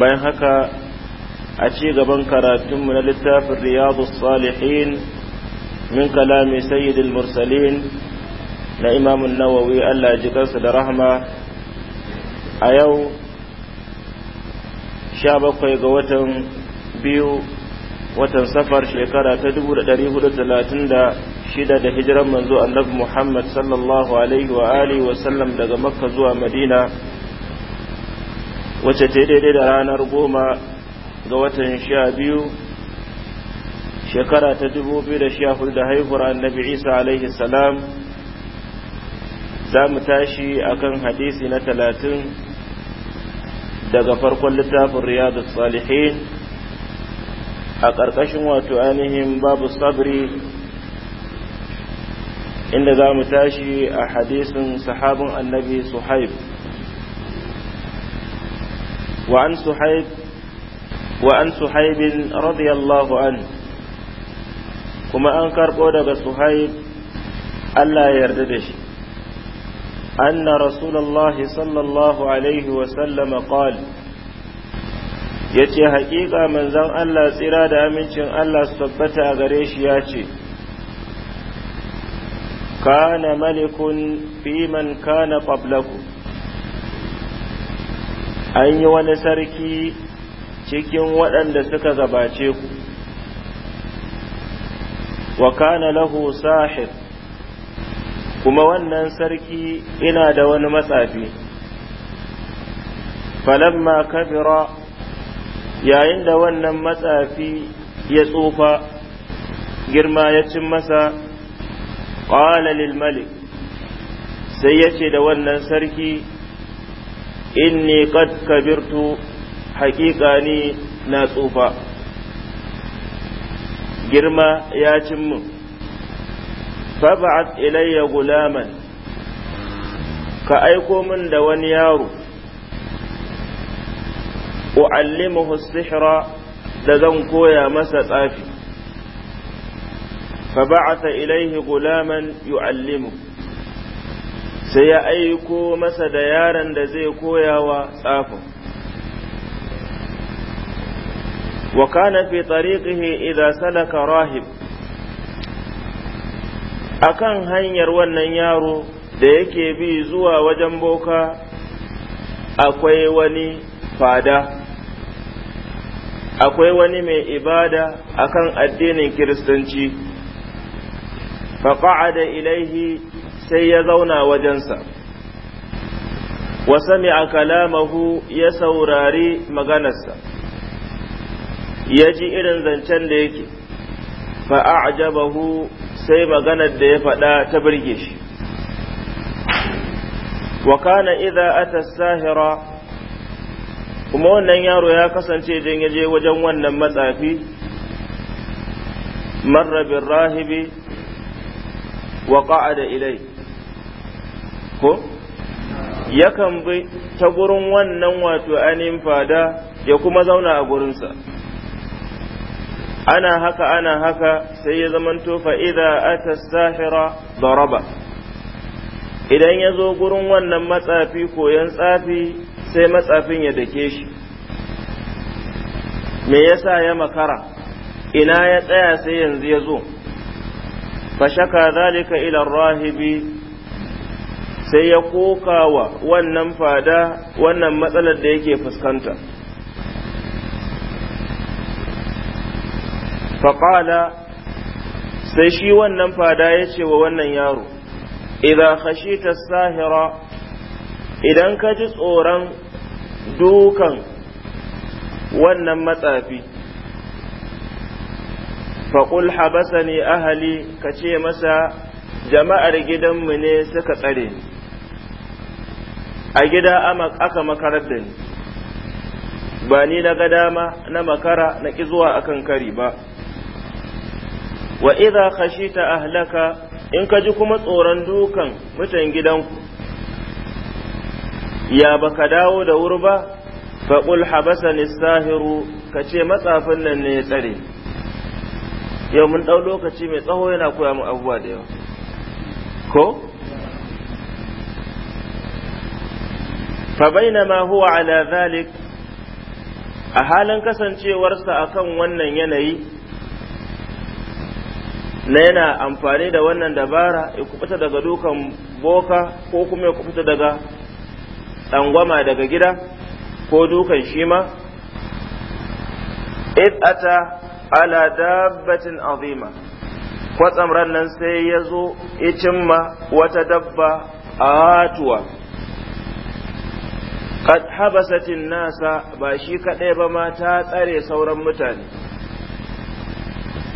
bayan haka a ci gaban karatunmu na littafin riyadu salihin min kalami sayyidul mursalin na imamun nawawi allah ji kansa da rahama a yau sha bakwai ga watan biyu watan safar shekara ta 436 da hijiran manzo annabi muhammad sallallahu alaihi wa alihi daga makka zuwa madina wacce ta daidai da ranar goma ga watan sha biyu shekara ta dubu biyu da sha hudu da haihuwar annabi isa alaihi salam za mu tashi akan hadisi na talatin daga farkon littafin riyadu salihin a ƙarƙashin wato ainihin babu sabri inda za mu tashi a hadisin sahabin annabi suhaib وعن سحيب وعن سحيب رضي الله عنه كما أنكر بودك سحيب ألا يرددش أن رسول الله صلى الله عليه وسلم قال yace haƙiƙa manzon Allah tsira da amincin Allah su tabbata a gare shi ya ce kana malikun fiman kana qablakum an yi wani sarki cikin waɗanda suka gabace ku wa kana lahu sahib kuma wannan sarki ina da wani matsafi falamma kabira yayin da wannan matsafi ya tsufa girma ya cin masa qala lil malik sai ya ce da wannan sarki inni qad kabirtu haƙiƙa ni na tsufa girma ya cin min fab'at ilayya gulaman ka aiko min da wani yaro u'allimuhu sihra da zan koya masa tsafi fab'atha ilayhi gulaman yu'allimuhu sai ya aiko masa da yaron da zai koya wa tsafin wa kana fi tariqihi idza salaka rahib akan hanyar wannan yaro da yake bi zuwa wajen boka akwai wani fada akwai wani mai ibada akan addinin kiristanci faƙa'ada ilaihi sai ya zauna wajensa wa sami'a kalamahu ya saurari maganarsa ya ji irin zancen da yake fa'ajabahu sai maganar da ya faɗa ta birge shi wa kana idza ata sahira kuma wannan yaro ya kasance don ya je wajen wannan matsafi marra rahibi wa qa'ada ilai ko yakan bi ta gurin wannan wato ainihin fada ya kuma zauna a gurinsa ana haka ana haka sai ya zamanto fa'iza ata sahira daraba idan ya zo gurin wannan matsafi koyon tsafi sai matsafin ya dake shi me yasa ya makara ina ya tsaya sai yanzu ya zo fa shaka zalika ila rahibi sai ya kokawa wannan fada wannan matsalar da yake fuskanta faƙala sai shi wannan fada ya ce wa wannan yaro idan khashita sahira idan ka ji tsoron dukan wannan matsafi faƙul habasa ne ahali ka ce masa jama'ar gidanmu ne suka tsare ni a gida aka makarar da ni ba ni na ga dama na makara na ki zuwa akan kari ba wa idza khashita ahlaka in ka ji kuma tsoron dukan mutan gidanku ya baka dawo da wuri ba faƙul habasani sahiru ka ce matsafin nan ne ya tsare yau mun ɗau lokaci mai tsaho yana koya mu abubuwa da yawa ko fa bainama huwa ala a halin kasancewarsa akan wannan yanayi na yana amfani da wannan dabara ya kubuta daga dukan boka ko kuma ya kubuta daga tsangwama daga gida ko dukan shima id ata ala dabbatin azima kwatsam nan sai ya zo ya cimma wata dabba a hatuwa qad habasatin nasa ba shi kadai ba ma ta tsare sauran mutane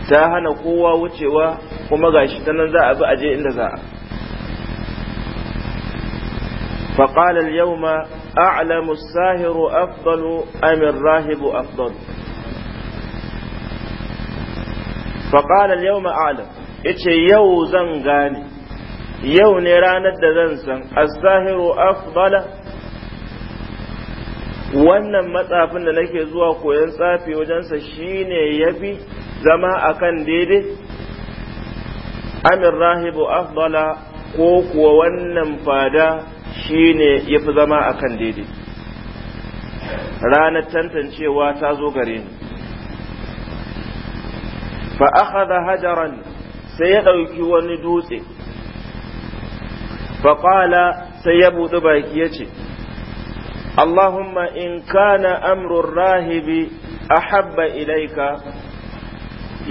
ta hana kowa wucewa kuma gashi ta nan za a bi aje inda za a فقال اليوم أعلم الساهر أفضل أم الراهب أفضل فقال اليوم أعلم إيش يو زنغاني يو نيران الدزنسن الساهر أفضل wannan matsafin da nake zuwa koyon tsafi wajensa shi ne ya fi zama a kan daidai amin rahibu afdala ko kuwa wannan fada shi ne ya fi zama a kan daidai ranar tantancewa ta zo gare ni fa da hajaran sai ya ɗauki wani dutse fa qala sai ya buɗe baki ya ce اللهم إن كان أمر الراهب أحب إليك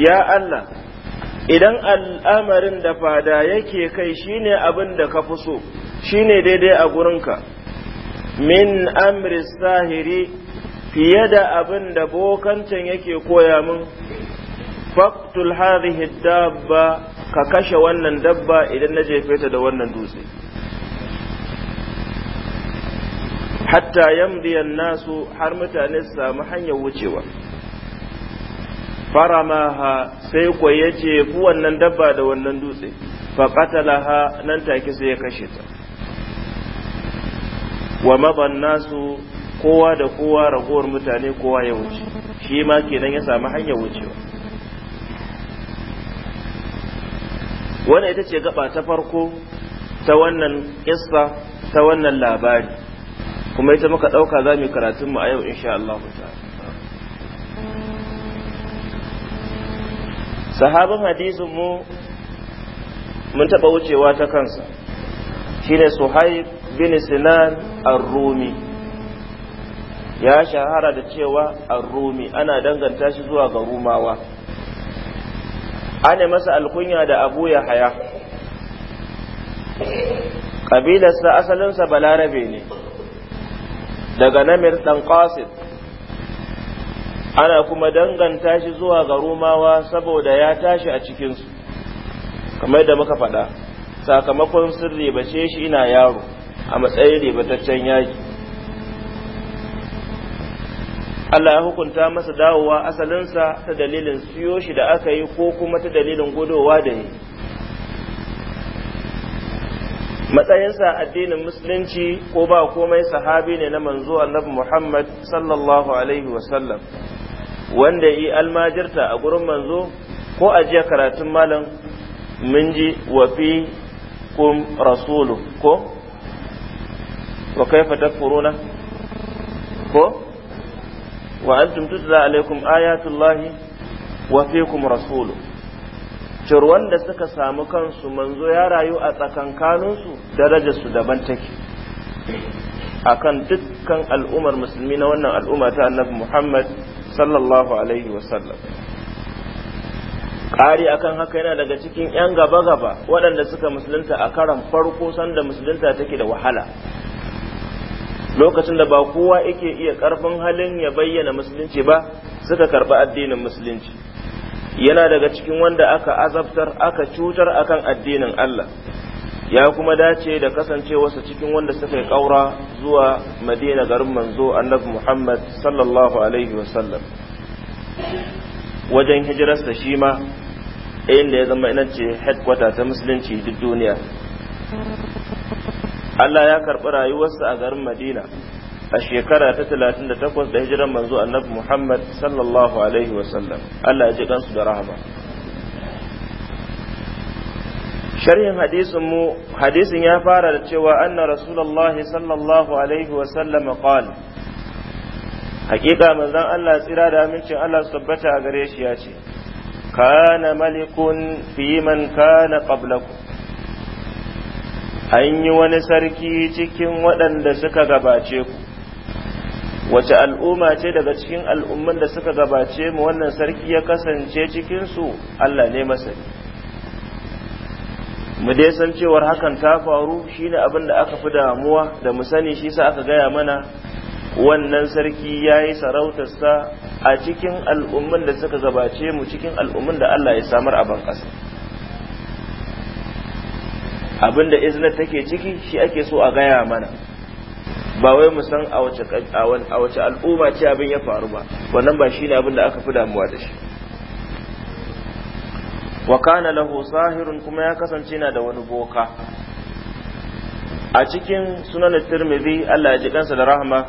يا الله idan al'amarin da fada yake kai shine abin da ka fi so shine daidai a gurinka min amri sahiri fiye da abin da bokancan yake koya min faktul hadhihi dabba ka kashe wannan dabba idan na jefe ta da wannan dutse hatta yamdiyan nasu har mutane su samu hanyar wucewa faramaha sai ko ya jefi wannan dabba da wannan dutse qatalaha nan take sai ya kashe ta wa maban nasu kowa da kowa ragowar mutane kowa ya wuce shi ma kenan ya samu hanyar wucewa wannan ita ce gaba ta farko ta wannan kissa ta wannan labari kuma ita muka ɗauka za mu karatun mu a yau insha Allah sahabin hadisin mu mun taɓa wucewa ta kansa shine suhaib bin sinan ar-rumi ya shahara da cewa ar-rumi ana danganta shi zuwa ga rumawa ana masa alkunya da abu ya haya ƙabilarsa asalinsa balarabe ne daga namir ɗan qasid ana kuma danganta shi zuwa ga rumawa saboda ya tashi a cikinsu kamar da muka faɗa sakamakon sun ribace shi ina yaro a matsayin ribataccen yaki Allah ya hukunta masa dawowa asalinsa ta dalilin siyo shi da aka yi ko kuma ta dalilin gudowa da yi matsayinsa addinin musulunci ko ba komai sahabi ne na manzo annabi Muhammad sallallahu alaihi wasallam wanda yi almajirta a gurin manzo ko jiya karatun malam mun ji wa fi kum rasulu ko wa kaifa takfuruna ko wa antum tutla alaikum ayatullahi wa kum rasuluhu cewar wanda suka samu kansu manzo ya rayu a tsakankaninsu su daban take akan dukkan al'ummar musulmi na wannan al'umma ta annabi Muhammad sallallahu alaihi wasallam ƙari akan haka yana daga cikin 'yan gaba-gaba waɗanda suka musulunta a karan farko sanda musulunta take da wahala lokacin da ba kowa yake iya ƙarfin halin ya bayyana musulunci ba suka karɓi addinin musulunci yana daga cikin wanda aka azabtar aka cutar akan addinin Allah ya kuma dace da kasancewarsa cikin wanda suka yi ƙaura zuwa madina garin manzo annabi muhammad sallallahu alaihi wasallam wajen hijirarsa shi ma inda ya zama ina ce headquarter ta musulunci duk duniya Allah ya karɓi rayuwarsa a garin madina a shekara ta talatin da takwas da hijiran manzo annabi Muhammad sallallahu alaihi wasallam Allah ya ji kansu da rahama sharhin hadisin mu hadisin ya fara da cewa anna rasulullahi sallallahu alaihi wa wasallam qala hakika manzon Allah tsira da amincin Allah su tabbata a gare shi ya ce kana malikun fi man kana qablakum an yi wani sarki cikin waɗanda suka gabace ku wace al'umma ce daga cikin al'umman da suka gabace mu wannan sarki ya kasance cikinsu Allah ne masani mu dai san cewar hakan ta faru shine abin da aka fi damuwa da mu sani shi sa aka gaya mana wannan sarki ya yi sarautarsa a cikin al'umman da suka gabace mu cikin al'umman da Allah ya samar a ban ƙasa abin da take ciki shi ake so a gaya mana ba wai mu san a wace a wace al'umma ce abin ya faru ba wannan ba shine abin da aka fi damuwa da shi wa kana lahu sahirun kuma ya kasance na da wani boka a cikin sunan tirmidhi Allah ya ji kansa da rahama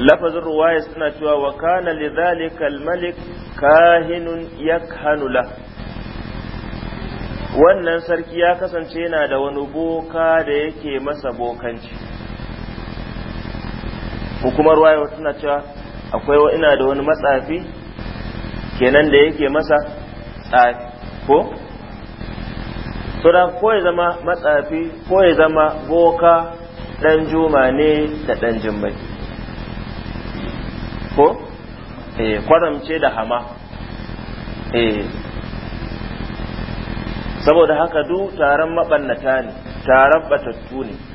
lafazin ruwaya suna cewa wa kana lidhalika al-malik kahinun yakhanu la wannan sarki ya kasance yana da wani boka da yake masa bokanci Hukumar kuma ruwaya tana cewa akwai ina da wani matsafi kenan da yake masa tsafi ko to da ko ya zama matsafi ko ya zama boka dan juma ne da dan jimmai ko eh kwaramce da hama eh saboda haka duk taron mabannata ne taron batattu ne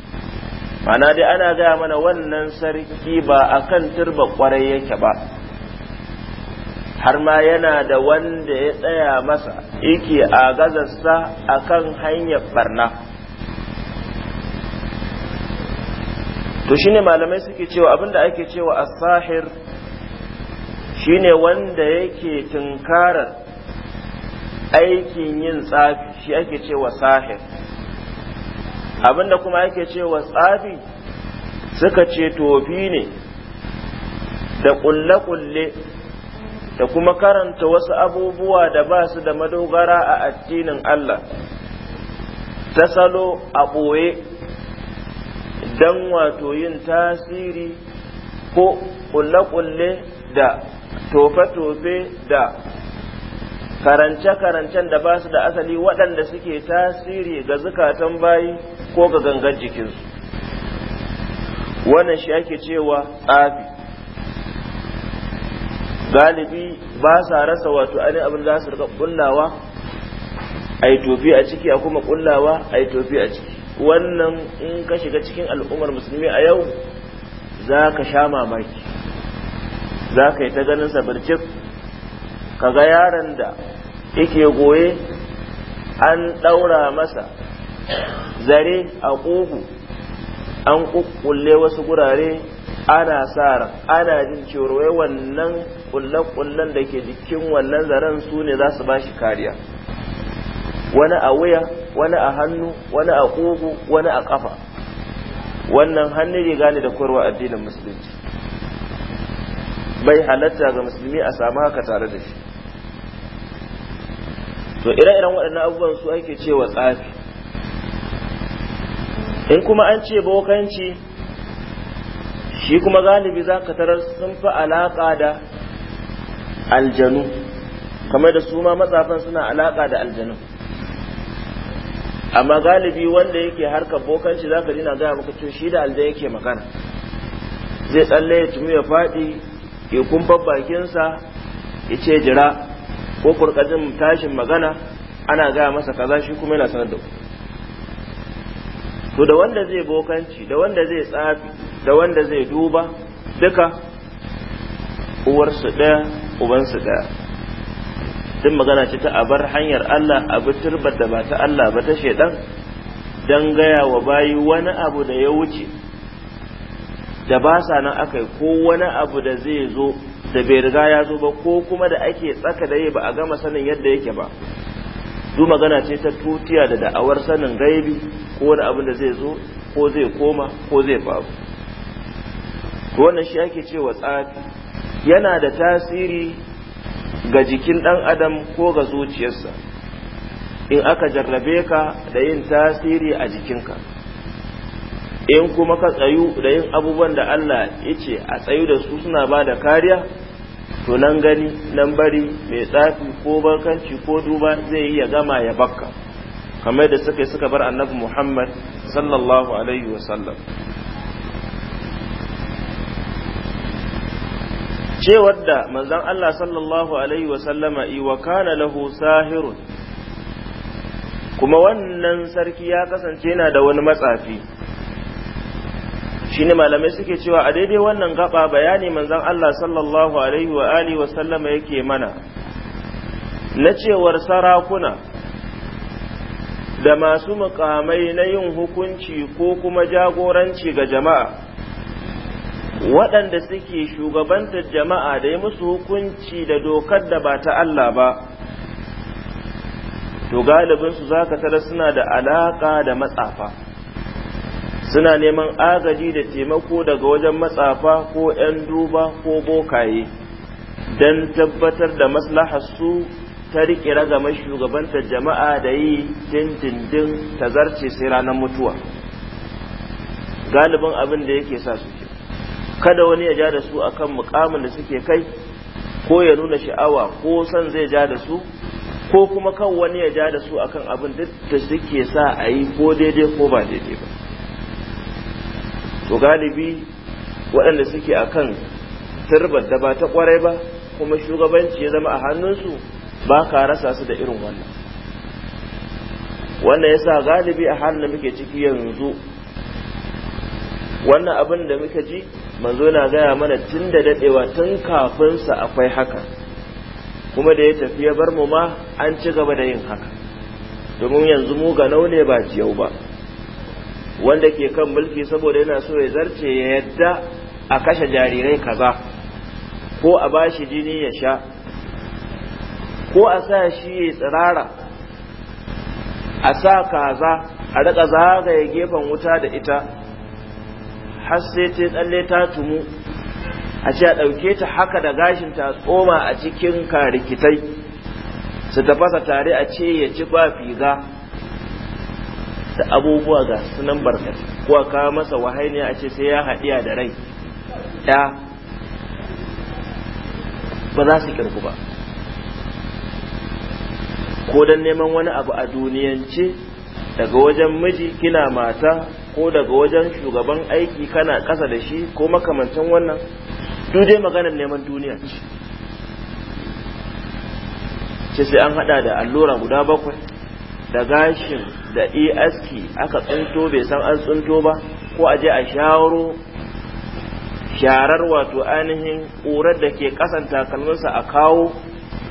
mana dai ana gaya mana wannan sarki ba a kan turba kwarai yake ba har ma yana da wanda ya tsaya masa yake a a kan hanyar barna to shine malamai suke cewa abinda ake cewa as-sahir shine wanda yake tunkarar aikin yin tsafi shi ake cewa sahir abinda kuma yake cewa tsafi suka ce tofi ne da kulle-kulle da kuma karanta wasu abubuwa da ba su da madogara a addinin Allah ta salo a ɓoye don wato yin tasiri ko kulle-kulle da tofe-tofe da karance-karancen da ba su da asali waɗanda suke tasiri ga zukatan bayi ko ga gangan jikinsu wannan shi ake cewa tsafi galibi ba sa rasa wato ainihin abin da su kullawa a tofi a ciki a kuma kullawa a tofi a ciki wannan in ka shiga cikin al'ummar musulmi a yau za ka sha mamaki za ka yi ta ganin sabarcik kaga yaron da yake goye an ɗaura masa zare a ƙugu an ƙuƙƙulle wasu gurare ana sa ana jin cewar wai wannan ƙullen-ƙullen da ke jikin wannan zaren su ne za su ba shi kariya wani a wuya wani a hannu wani a ƙugu wani a ƙafa wannan hannun riga ne da koyarwa addinin musulunci bai halatta ga musulmi a samu haka tare da shi to ire-iren waɗannan abubuwan su ake cewa tsafi in kuma an ce bokanci shi kuma galibi za ka tarar sun fi alaƙa da aljanu kamar da su ma matsafan suna alaƙa da aljanu amma galibi wanda yake harkar bokanci za ka dina gaya maka cewa shi da aljan yake magana zai tsalle ya tumi ya faɗi ya kumfa bakinsa ya ce jira ko kurkajin tashin magana ana gaya masa kaza shi kuma yana sanar da ku to da wanda zai bokanci da wanda zai tsafi da wanda zai duba duka uwarsu ɗaya ubansu ɗaya duk magana ce ta abar hanyar Allah abu turbar da ba ta Allah ba ta shaidan don gaya wa bayi wani abu da ya wuce da ba sa nan aka yi ko wani abu da zai zo da bai riga ya zo ba ko kuma da ake tsaka da yi ba a gama sanin yadda yake ba du magana ce ta tutiya da da'awar sanin gaibi ko wani abin da zai zo ko zai koma ko zai faru to wannan shi ake cewa tsafi yana da tasiri ga jikin ɗan adam ko ga zuciyarsa in aka jarrabe ka da yin tasiri a jikinka in kuma ka tsayu da yin abubuwan da Allah ya ce a tsayu da su suna ba da kariya to nan gani nan bari mai tsafi ko barkanci ko duba zai yi ya gama ya bakka kamar da suka yi suka bar annabi muhammad sallallahu alaihi wasallam cewar da manzan Allah sallallahu Alaihi wasallama iwa kana lahu sahirun kuma wannan sarki ya kasance yana da wani matsafi shine malamai suke cewa a daidai wannan gaba bayani manzon Allah sallallahu alaihi wa alihi wa yake mana na cewar sarakuna da masu mukamai na yin hukunci ko kuma jagoranci ga jama'a waɗanda suke shugabantar jama'a da yi musu hukunci da dokar da ba ta Allah ba to galibinsu za ka tara suna da alaƙa da matsafa suna neman agaji da taimako daga wajen matsafa ko 'yan duba ko bokaye don tabbatar da maslahasu ta riƙe ragamar shugabantar jama'a da yi dindindin ta zarce sai ranar mutuwa galibin abin da yake sa su kada wani ya ja da su akan mukamin da suke kai ko ya nuna sha'awa ko son zai ja da su ko kuma kan wani ya ja da su akan abin duk da suke sa a yi ko daidai ko ba daidai ba to galibi waɗanda suke a kan turbar da ba ta kwarai ba kuma shugabanci ya zama a hannunsu ba ka rasa su da irin wannan wannan ya sa galibi a halin da muke ciki yanzu wannan abin da muka ji manzo na gaya mana tun da daɗewa tun kafinsa akwai haka kuma da ya tafi ya bar mu ma an ci gaba da yin haka domin yanzu mu ga naune ba jiyau ba wanda ke kan mulki saboda yana so ya zarce ya yadda a kashe jarirai kaza ko a bashi jini ya sha ko a sa shi ya tsirara a sa kaza a rika zagaye gefen wuta da ita har sai ta tsalle ta tumu a ce a ɗauke ta haka da gashin ta tsoma a cikin karikitai su tafasa tare a ce ya ci ba figa da abubuwa ga sunan barka ko ka masa wahainiya a ce sai ya haɗiya da rai ya ba za su kirku ba ko don neman wani abu a duniyance daga wajen miji kina mata ko daga wajen shugaban aiki kana ƙasa da shi ko makamantan wannan dai maganar neman duniya ce sai an haɗa da allura guda bakwai da gashin da esp aski aka tsinto bai san an tsinto ba ko a je a sharo sharar wato ainihin ƙurar da ke ƙasan takalminsa a kawo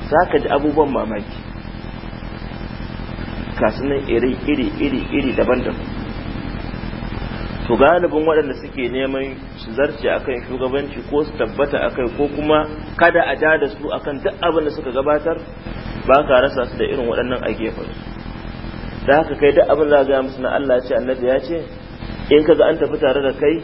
za ka ji abubuwan mamaki kasunan iri iri iri iri daban-daban Su galibin waɗanda suke neman su zarce a kan shugabanci ko su tabbata a kai ko kuma kada a ja da su akan duk abin da suka gabatar ba ka rasa su da irin waɗannan a gefen da haka kai duk abin za gaya musu na Allah ce annabi ya ce in ka ga an tafi tare da kai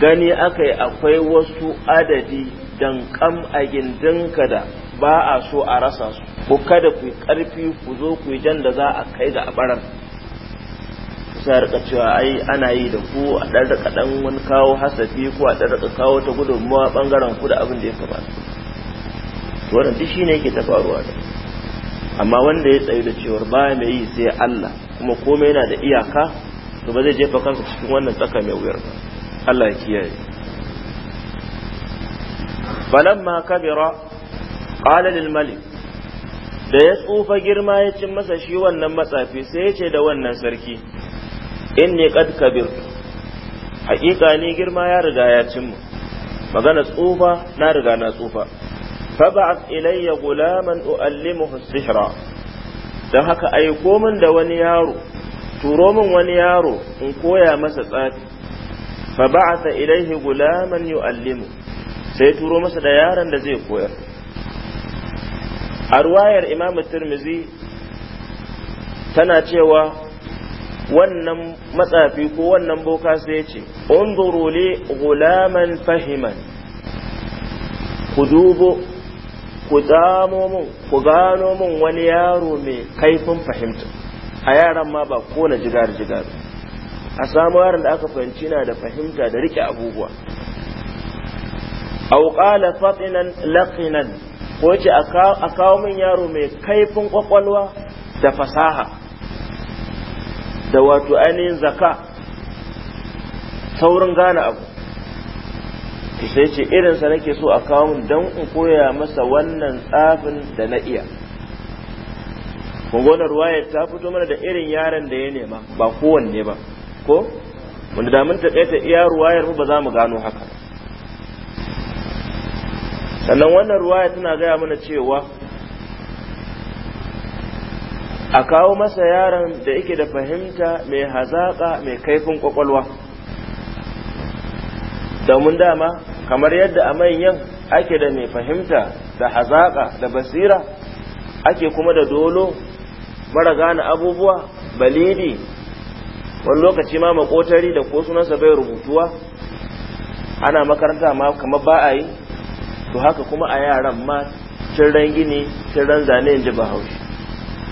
gani akai akwai wasu adadi dan kam a gindinka da ba a so a rasa su ku kada ku karfi ku zo ku jan da za a kai ga abaran sai rika cewa ai ana yi da ku a dan da dan wani kawo hasafi ko a dan da kawo ta gudunmuwa bangaren ku da abin da ya kamata wannan duk shine yake ta faruwa amma wanda ya tsayu da cewar ba mai yi sai Allah kuma komai yana da iyaka to ba zai jefa kansa cikin wannan tsaka mai wuyar ba Allah ya kiyaye falamma kabira qala lil malik da ya tsufa girma ya cin masa shi wannan matsafi sai ya ce da wannan sarki inni qad kabir hakika ni girma ya riga ya cin mu magana tsufa na riga na tsufa fab'ath ilayya غلاما uallimuhu sihra dan haka aiko min da wani yaro turo min wani yaro in koya masa tsafi fa ba'atha ilayhi gulaman yuallimu sai turo masa da yaron da zai koya a ruwayar imam tirmizi tana cewa wannan matsafi ko wannan boka sai ya ce unzuru li gulaman fahiman ku dubo ku tsamo mun ku gano mun wani yaro mai kaifin fahimta a yaran ma ba kona jigar-jigar a samu yaran da aka fahimci na da fahimta da rike abubuwa qala fatinan laqinan ko ce a kawo min yaro mai kaifin kwakwalwa da fasaha da wato ainihin zaka saurin gane abu sai ce irinsa nake so a kawo don in koya masa wannan tsafin da na iya kungonar waya ta fito mana da irin yaron da ya nema ba kowanne ba ko wanda ta ɗaya ta iya ruwayar mu ba za mu gano haka sannan wannan ruwaya tana gaya mana cewa a kawo masa yaron da yake da fahimta mai hazaƙa mai kaifin ƙwaƙwalwa domin dama kamar yadda a manyan ake da mai fahimta da hazaƙa da basira ake kuma da dolo mara gane abubuwa balidi wani lokaci ma makotari da ko sunansa bai rubutuwa ana makaranta ma kamar ba a yi to haka kuma a yaran ma cirran gini cirran zane in ji bahaushe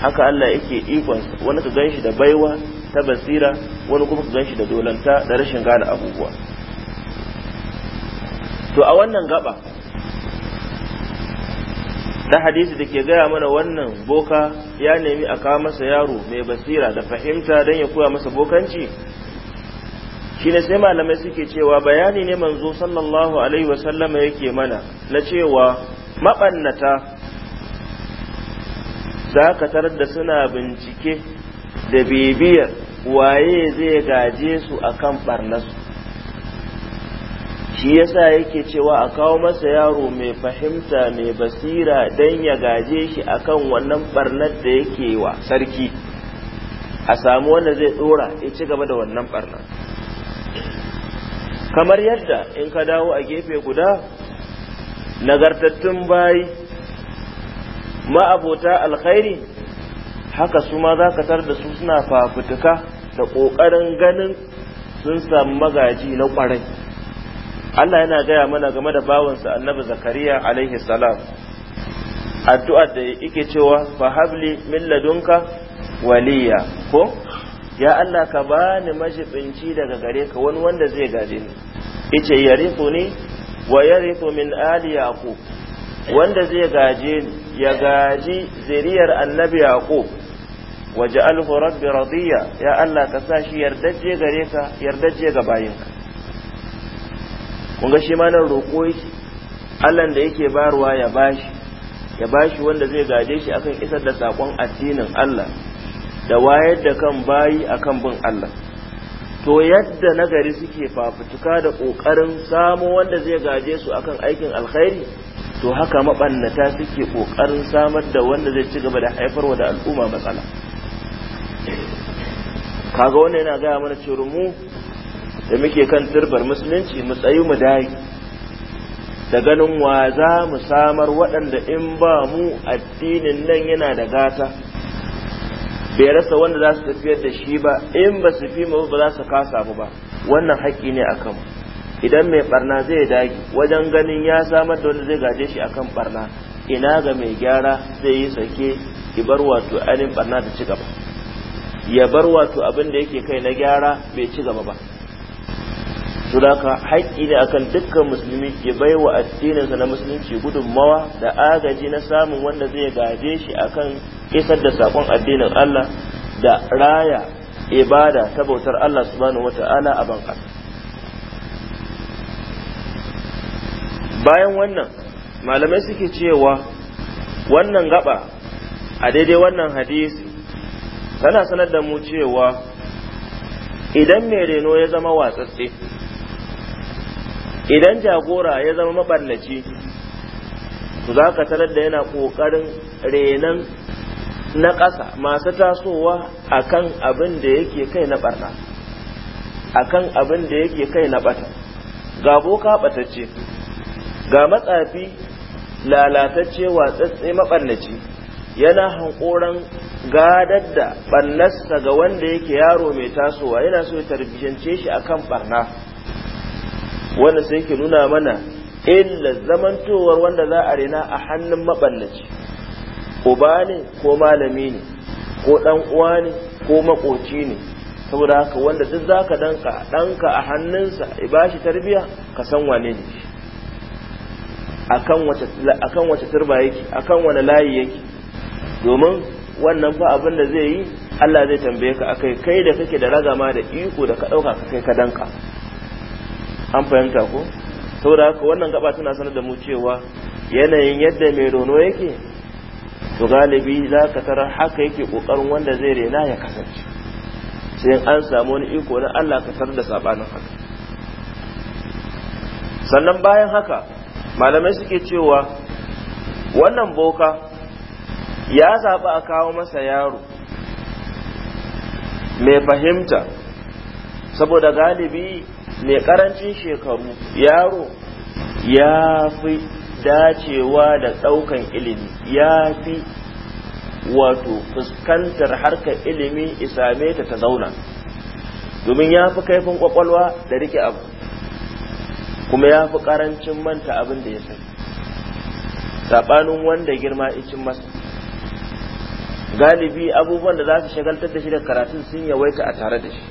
haka Allah yake ikon wani ka ganshi da baiwa ta basira wani kuma ka ganshi da dolanta da rashin gane abubuwa to a wannan gaba na hadisi da ke gaya mana wannan boka ya nemi a kawo masa yaro mai basira da fahimta don ya koya masa bokanci shi ne sai malamai suke cewa bayani ne manzo sallallahu alaihi wasallama yake mana na cewa maɓannata za ka tarar da suna bincike da bibiyar waye zai gaje su akan ɓarnasu shi yasa yake cewa a kawo masa yaro mai fahimta mai basira don ya gaje shi akan wannan barnar da yake wa sarki a samu wanda zai dora ya ci gaba da wannan barnar kamar yadda in ka dawo a gefe guda nagartattun bayi ma'abota alkhairi haka su ma za ka tar da su suna fafutuka da ƙoƙarin ganin sun samu magaji na ƙwarai Allah yana gaya mana game da bawansa annabi zakariya alaihi salam addu'ar da yake cewa fahabli min ladunka waliya ko ya Allah ka bani majibinci daga gare ka wani wanda zai gaje ni yace yarithu ni wa yarithu min ali yaqub wanda zai gaje ya gaji zuriyar annabi yaqub waj'alhu rabbi radiya ya Allah ka sa shi yardaje gare ka yardaje ga bayinka kun ga shi ma nan roƙo yake Allah da yake barwa ya bashi ya bashi wanda zai gaje shi akan isar da sakon addinin Allah da wayar da kan bayi akan bin Allah to yadda nagari suke fafutuka da ƙoƙarin samo wanda zai gaje su akan aikin alkhairi to haka maɓannata suke ƙoƙarin samar da wanda zai ci gaba da haifarwa da al'umma matsala kaga wannan yana gaya mana cewa mu da muke kan turbar musulunci mu tsayu mu dai da ganin wa za mu samar waɗanda in ba mu addinin nan yana da gata bai rasa wanda za su tafiyar da shi ba in ba su fi mu ba za su kasa mu ba wannan haƙƙi ne a kanmu idan mai barna zai dage wajen ganin ya samar da wanda zai gaje shi akan barna ina ga mai gyara zai yi sake ki bar wato ainihin barna da ci gaba ya bar wato abin da yake kai na gyara bai ci gaba ba su ka haƙƙi ne akan dukkan musulmi ke bai wa addininsa na musulunci gudunmawa da agaji na samun wanda zai gaje shi akan isar da sakon addinin Allah da raya ibada ta bautar Allah subhanahu wata'ala a banka bayan wannan malamai suke cewa wannan gaba a daidai wannan hadisi tana sanar da mu cewa idan mai reno ya zama watsatse idan jagora ya zama maballaci to za ka tarar da yana ƙoƙarin renan na ƙasa masu tasowa a kan abin da yake kai na ɓarna a kan abin da yake kai na ɓata ga boka ɓatacce ga matsafi lalatacce watsatse maɓarnaci yana hankoran gadar da ɓannarsa ga wanda yake yaro mai tasowa yana so ya tarbiyance shi akan ɓarna wanda sai ke nuna mana illa zamantowar wanda za a rena a hannun maballaci uba ne ko malami ne ko dan uwa ne ko makoci ne saboda haka wanda duk zaka danka danka a hannunsa ya bashi tarbiya ka san wane ne akan wace akan wace turba yake akan wani layi yake domin wannan fa abin da zai yi Allah zai tambaye ka akai kai da kake da ragama da iko da ka dauka ka kai ka danka an fahimta ko saboda haka wannan gaba tana sanar da mu cewa yanayin yadda mai rono yake to galibi za ka tara haka yake kokarin wanda zai rena ya kasance sai an samu wani iko na Allah ka da sabanin haka sannan bayan haka malamai suke cewa wannan boka ya zaɓi a kawo masa yaro mai fahimta saboda galibi mai karancin shekaru yaro ya fi dacewa da ɗaukan ilimi ya fi wato fuskantar harkar ilimi isame ta ta zauna domin ya fi kaifin kwakwalwa da rike abu kuma ya fi karancin manta abin da ya sani saɓanin wanda girma icin masa galibi abubuwan da za su shagaltar da shi da karatun sun yawaita a tare da shi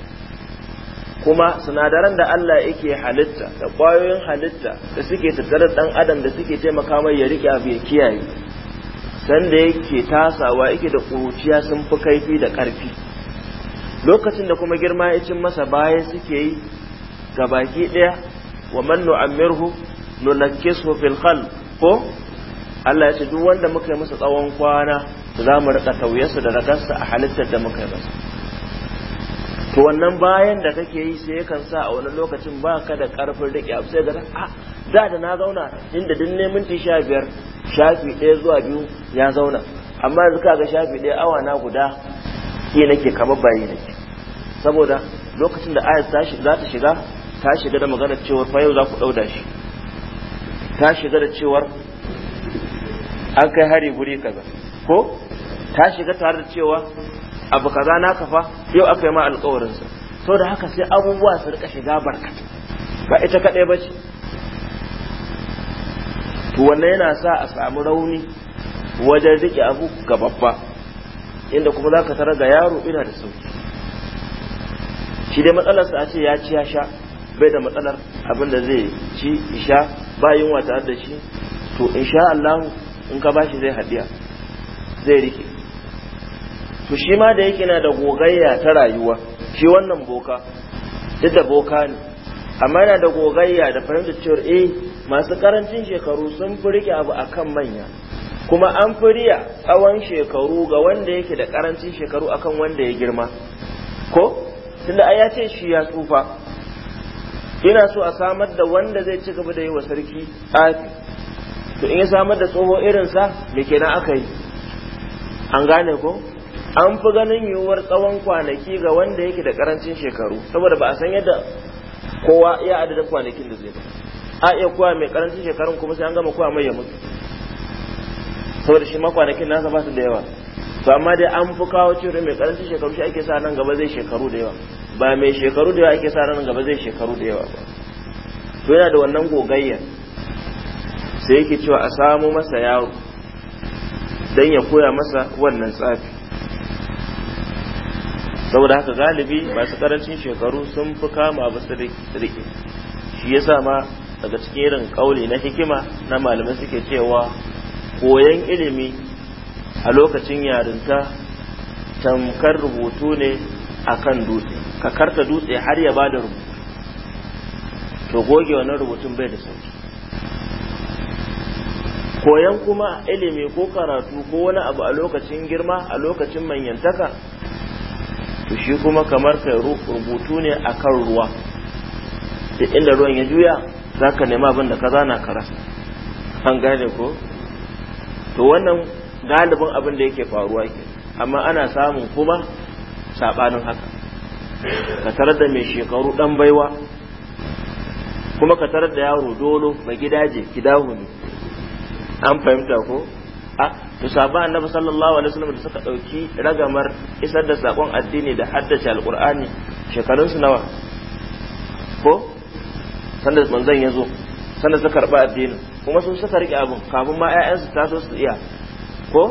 kuma sinadaran da Allah yake halitta da ƙwayoyin halitta da suke tattare ɗan adam da suke taimaka mai ya riƙe abu ya kiyaye sanda yake tasawa yake da ƙuruciya sun fi kaifi da ƙarfi lokacin da kuma girma ya masa baya suke yi ga baki ɗaya wa man nu'ammirhu nunakkisu fil khalq ko Allah ya ce duk wanda muka yi masa tsawon kwana za mu riƙa tauyarsa da ragarsa a halittar da muka yi masa to wannan bayan da kake yi sai yakan sa a wani lokacin ba ka da karfin riƙe abu sai gada a ah, da da na zauna inda din ne minti sha biyar shafi ɗaya zuwa biyu ya zauna amma yanzu ga shafi ɗaya awa na guda ke nake kamar bayi nake saboda lokacin da ayat za ta shiga ta shiga da maganar cewar fa yau za ku ɗauda shi ta shiga da cewar an kai hari guri kaza ko ta shiga tare da cewa abu kaza na kafa yau aka yi ma alƙawarin sa to da haka sai abubuwa su rika shiga barka ba ita kaɗai ba ce to wannan yana sa a samu rauni wajen riƙe abu ga babba inda kuma za ka tara ga yaro ina da sauki shi dai matsalar sa a ce ya ci ya sha bai da matsalar abin da zai ci isha ba wata da shi to insha Allah in ka bashi zai haɗiya zai rike to shi ma da yake na da gogayya ta rayuwa shi wannan boka duk da boka ne amma yana da gogayya da fahimtar cewa, e, eh, masu karancin shekaru sun fi rike abu a kan manya kuma an fi riya tsawon shekaru ga wanda yake da karancin shekaru akan wanda ya girma ko tunda da ya ce shi ya tsufa ina so a samar da wanda zai ci gaba da yi wa sarki tsafi to in ya samar da tsoho irinsa me kenan aka yi an gane ko an fi ganin yiwuwar tsawon kwanaki ga wanda yake da karancin shekaru saboda ba a san yadda kowa ya adada kwanakin da zai a iya kowa mai karancin shekarun kuma sai an gama kowa mai ya mutu saboda shi ma kwanakin nasa ba su da yawa to amma dai an fi kawo cewa mai karancin shekaru shi ake sa nan gaba zai shekaru da yawa ba mai shekaru da yawa ake sa nan gaba zai shekaru da yawa ba to yana da wannan gogayya sai yake cewa a samu masa yaro dan ya koya masa wannan tsafi saboda haka galibi masu karancin shekaru sun fi kama abu su riƙe shi sa ma daga cikin irin kauli na hikima na malamai suke cewa koyon ilimi a lokacin yarinta tamkar rubutu ne a kan dutse ka karta dutse har ya bada rubutu to goge wannan rubutun bai da sauki koyon kuma ilimi ko karatu ko wani abu a lokacin girma a lokacin manyantaka to shi kuma kamar kai rubutu ne kan ruwa da inda ruwan ya juya za ka nema abin da ka zana kara an gane ko to wannan galibin abin da yake faruwa ke amma ana samun kuma sabanin haka ka tarar da mai shekaru dan baiwa kuma ka tarar da yaro dolo mai gidaje gidahu ne an fahimta ko a to sahabban annabi sallallahu alaihi wasallam da suka dauki ragamar isar da sakon addini da haddace alqur'ani shekarun su nawa ko sanda manzon ya zo sanda suka karba addini kuma sun suka rike abin kafin ma ta taso su iya ko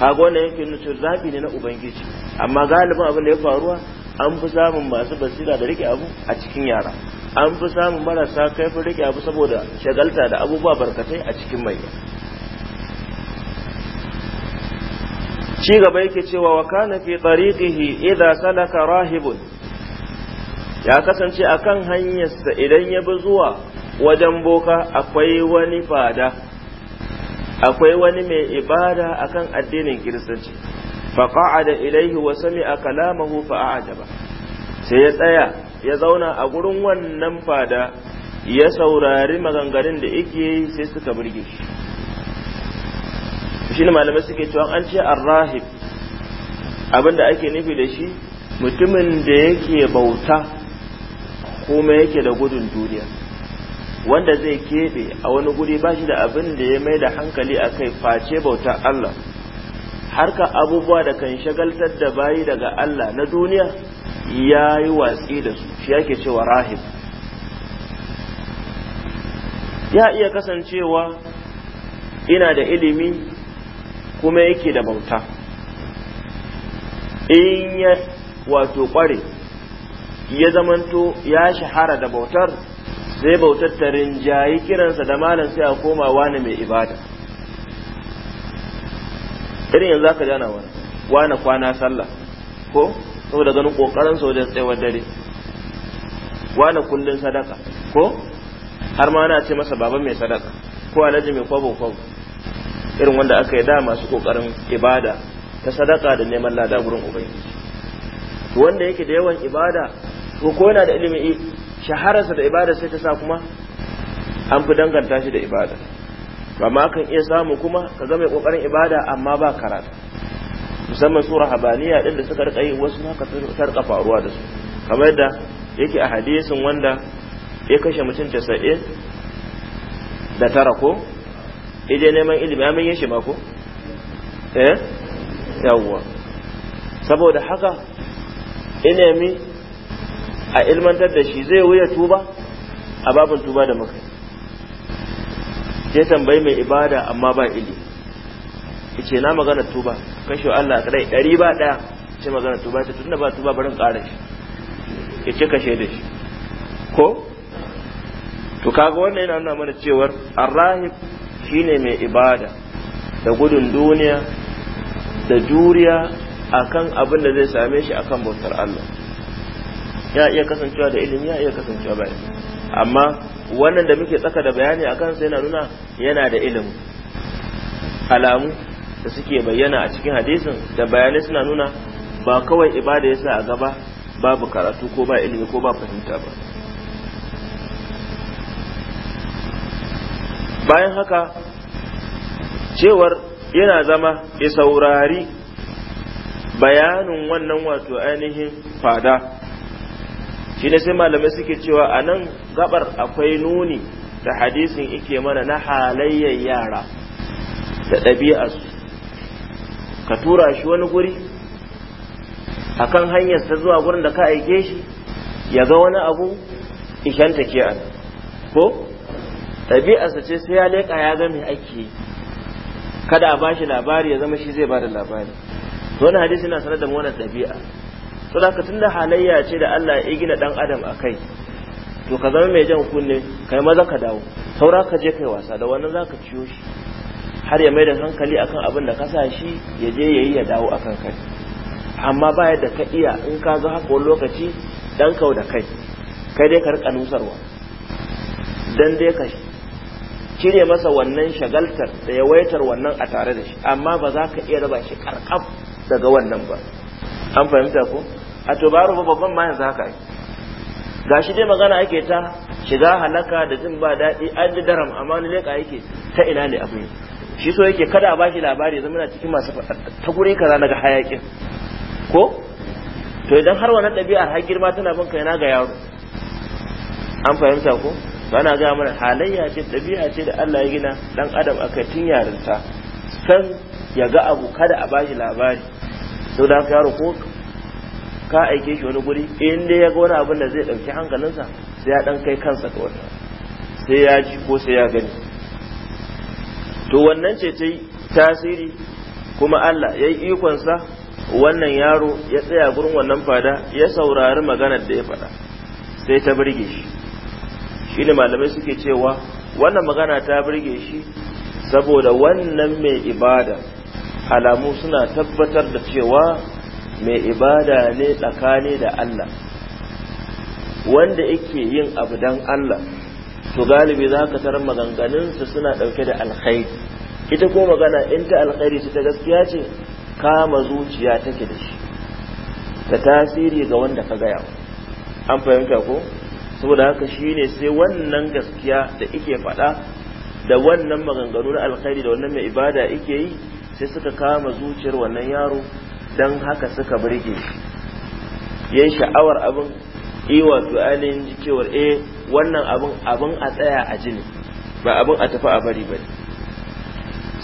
kaga wannan yake nuna zabi ne na ubangiji amma galibin abin da ya faruwa an fi samun masu basira da rike abu a cikin yara an fi samun marasa kaifin rike abu saboda shagalta da abubuwa barkatai a cikin manya ci gaba yake cewa wa kana fi tariqihi idza salaka rahibun ya kasance akan hanyarsa idan ya bi zuwa wajen boka akwai wani fada akwai wani mai ibada akan addinin kiristanci qa'ada ilaihi wa sami'a kalamahu a'jaba sai ya tsaya ya zauna a gurin wannan fada ya saurari maganganun da yake sai suka burge shi shi ne malamai suke cewa an ce arrahib abinda ake nufi da shi mutumin da yake bauta kuma yake da gudun duniya wanda zai keɓe a wani guri ba shi da abin da ya mai da hankali a kai face bautar Allah harka abubuwa da kan shagaltar da bayi daga Allah na duniya ya yi watsi da su shi yake cewa rahib ya iya kasancewa ina da ilimi kuma yake da bauta in ya wato kware ya zamanto ya shahara da bautar zai bautar ta kiransa da malam sai a koma wani mai ibada irin yanzu aka jana wani wani kwana sallah ko saboda ganin kokarin wajen tsawon dare wani kullun sadaka ko har ma na ce masa baban mai sadaka ko alhaji mai kwabo kwabo irin wanda aka yi da masu kokarin ibada ta sadaka da neman lada gurin ubangiji to wanda yake da yawan ibada to ko yana da ilimi shahararsa da ibada sai ta sa kuma an fi danganta shi da ibada amma kan iya samu kuma ka ga mai kokarin ibada amma ba karatu musamman sura habaniya din da suka rika yi wasu haka tarka faruwa da su kamar yadda yake a hadisin wanda ya kashe mutum 99 da tara ko je neman ilimi ya yin shi ma ko eh yawwa saboda haka inemi a ilmantar da shi zai wuya tuba a babin tuba da maka sai tambayi mai ibada amma ba ilimi. ce na magana tuba kashe Allah kadai ɗari ba ɗaya ce magana tuba ta tunda ba tuba barin ƙara shi ya ce kashe da shi ko to kaga wannan yana nuna mana cewar arrahib shine mai ibada da gudun duniya da juriya akan abin da zai same shi akan bautar Allah ya iya kasancewa da ilimi ya iya kasancewa ba amma wannan da muke tsaka da bayani a sai yana nuna yana da ilimi alamu da suke bayyana a cikin hadisin da bayanai suna nuna ba kawai ibada yasa a gaba babu karatu ko ba ilimi ko ba fahimta ba bayan haka cewar yana zama ya saurari bayanin wannan wato ainihin fada shi ne sai malamai suke cewa a nan gabar akwai nuni da hadisin ike mana na halayyar yara da ɗabi'arsu ka tura shi wani guri akan hanyar ta zuwa gurin da ka aike shi ya ga wani abu ishanta ke ko ɗabi'arsa ce sai ya leƙa ya ga mai ake yi kada a bashi labari ya zama shi zai bada labari wani hadisi yana sanar da mu wannan ɗabi'a to da tunda halayya ce da Allah ya gina dan adam a kai to ka zama mai jan kunne kai maza ka dawo saura ka je kai wasa da wannan zaka ciyo shi har ya mai da hankali akan abin da ka sa shi ya je yayi ya dawo akan kai amma ba yadda ka iya in ka zo haka wani lokaci dan kau da kai kai dai ka rika nusarwa dan dai ka cire masa wannan shagaltar da yawaitar wannan a tare da shi amma ba za ka iya raba shi karkaf daga wannan ba an fahimta ko a to ba babban ma yanzu haka gashi dai magana ake ta shiga halaka da jin ba daɗi an ji daram amma ni leƙa yake ta ina ne abin shi so yake kada a ba shi labari zama na cikin masu ta guri kaza na ga hayaƙin ko to idan har wannan ɗabi'ar har girma tana bin kai na ga yaro an fahimta ko ana ga mana halayya ce ɗabi'a ce da Allah ya gina dan adam akai tun yarinta san ya ga abu kada a bashi labari to da ka yaro ko ka aike shi wani guri in dai ya ga wani abin da zai ɗauki hankalinsa sai ya ɗan kai kansa ga wannan sai ya ji ko sai ya gani to wannan ce ta tasiri kuma Allah ya yi ikonsa wannan yaro ya tsaya gurin wannan fada ya saurari maganar da ya faɗa sai ta birge shi ne malamai suke cewa wannan magana ta burge shi saboda wannan mai ibada alamu suna tabbatar da cewa mai ibada ne tsakani da Allah wanda yake yin abu dan Allah to galibi za ka tarar maganganunsa suna ɗauke da alkhairi ita ko magana in ta alkhairi ta gaskiya ce kama zuciya take da shi da tasiri ga wanda ka gaya an fahimta ko saboda haka shine sai wannan gaskiya da ike faɗa da wannan maganganu na alkhairi da wannan mai ibada ike yi sai suka kama zuciyar wannan yaro don haka suka burge yin sha'awar abin iwa eh, su ainihin cewar a eh, wannan abin abin a tsaya a jini ba abin a tafi a bari bari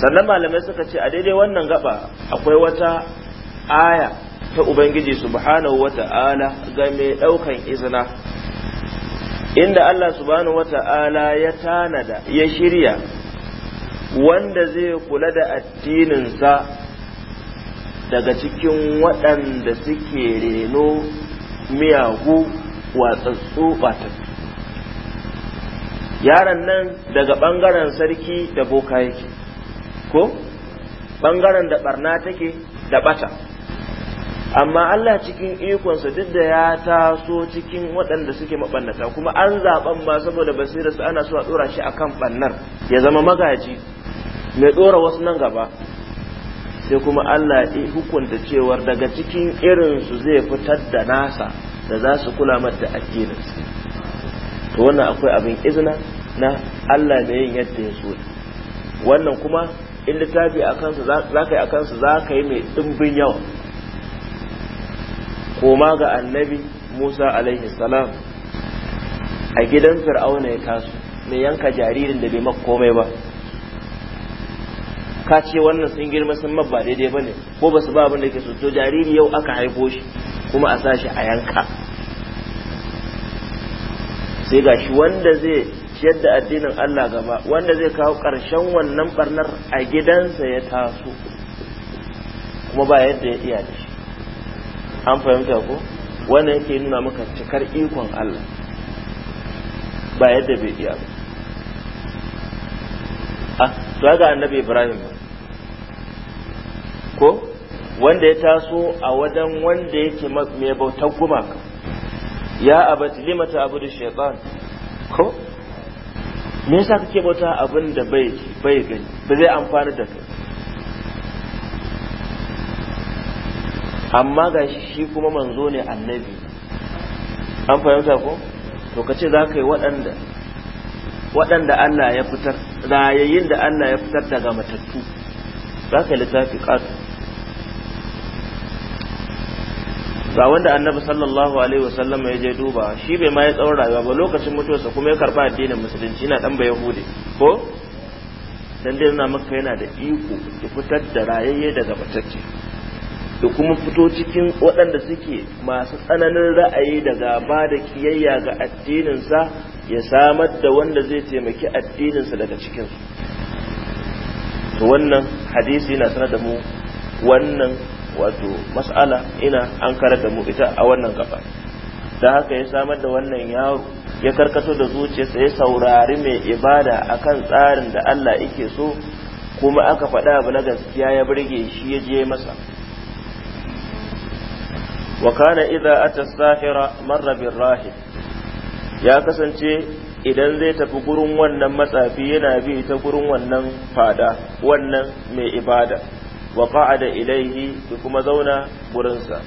sannan malamai suka ce a daidai wannan gaba akwai wata aya ta ubangiji subhanahu ta'ala ga mai daukan izina inda Allah subhanahu wata'ala ya tanada ya shirya wanda zai kula da addininsa daga cikin waɗanda suke reno miyagu watsatsu batattu yaron nan daga ɓangaren sarki da boka yake ko ɓangaren da ɓarna take da ɓata amma Allah cikin ikonsa duk da ya taso cikin waɗanda suke maɓannata kuma an zaɓen ba saboda basirarsa ana so a ɗora shi akan ɓannar ya zama magaji mai ɗora wasu nan gaba sai kuma Allah ya hukunta cewar daga cikin irinsu zai fitar da nasa da za su kula mata addininsu to wannan akwai abin izina na Allah mai yin yadda ya so wannan kuma in littafi a kansu za ka yi a kansu za ka yi mai ɗimbin yawa koma ga annabi musa alaihi salam a gidan fir'auna ya taso mai yanka jaririn da bai maka komai ba ka ce wannan sun girma sun ba daidai ba ne ko ba su ba abin da ke so jariri yau aka haifo shi kuma a sashi a yanka sai ga shi wanda zai ciyar da addinin Allah gaba wanda zai kawo ƙarshen wannan barnar a gidansa ya taso kuma ba yadda ya iya da an fahimta ko wannan yake nuna maka cikar ikon Allah ba yadda bai iya ba a ah, to ga annabi Ibrahim ko wanda ya taso a wajen wanda yake mai bautar gumaka ya abati limata abu da shaitan ko me yasa kake bauta abin da bai bai gani ba zai amfana da kai amma ga shi kuma manzo ne annabi an fahimta ko to ka ce za ka yi waɗanda waɗanda Allah ya fitar rayayin da Allah ya fitar daga matattu za ka yi littafi ƙato ga wanda annabi sallallahu alaihi wasallam ya je duba shi bai ma ya tsawon rayuwa ba lokacin mutuwarsa kuma ya karɓa addinin musulunci yana ɗan ba yahudi ko dan dai na maka yana da iko ya fitar da rayayye daga matattu. da kuma fito cikin waɗanda suke masu tsananin ra'ayi da gaba da kiyayya ga addininsa ya samar da wanda zai taimaki addininsa daga cikinsu to wannan hadisi yana sanar da mu wannan wato mas'ala ina an karar da mu ita a wannan gaba da haka ya samar da wannan yaro ya karkato da zuciyarsa ya saurari mai ibada akan tsarin da Allah yake so kuma aka faɗa abu na gaskiya ya burge shi ya je masa wa kana idza ata sahira marra rahib ya kasance idan zai tafi gurin wannan matsafi yana bi ta gurin wannan fada wannan mai ibada wa qa'ada ilaihi ki kuma zauna gurinsa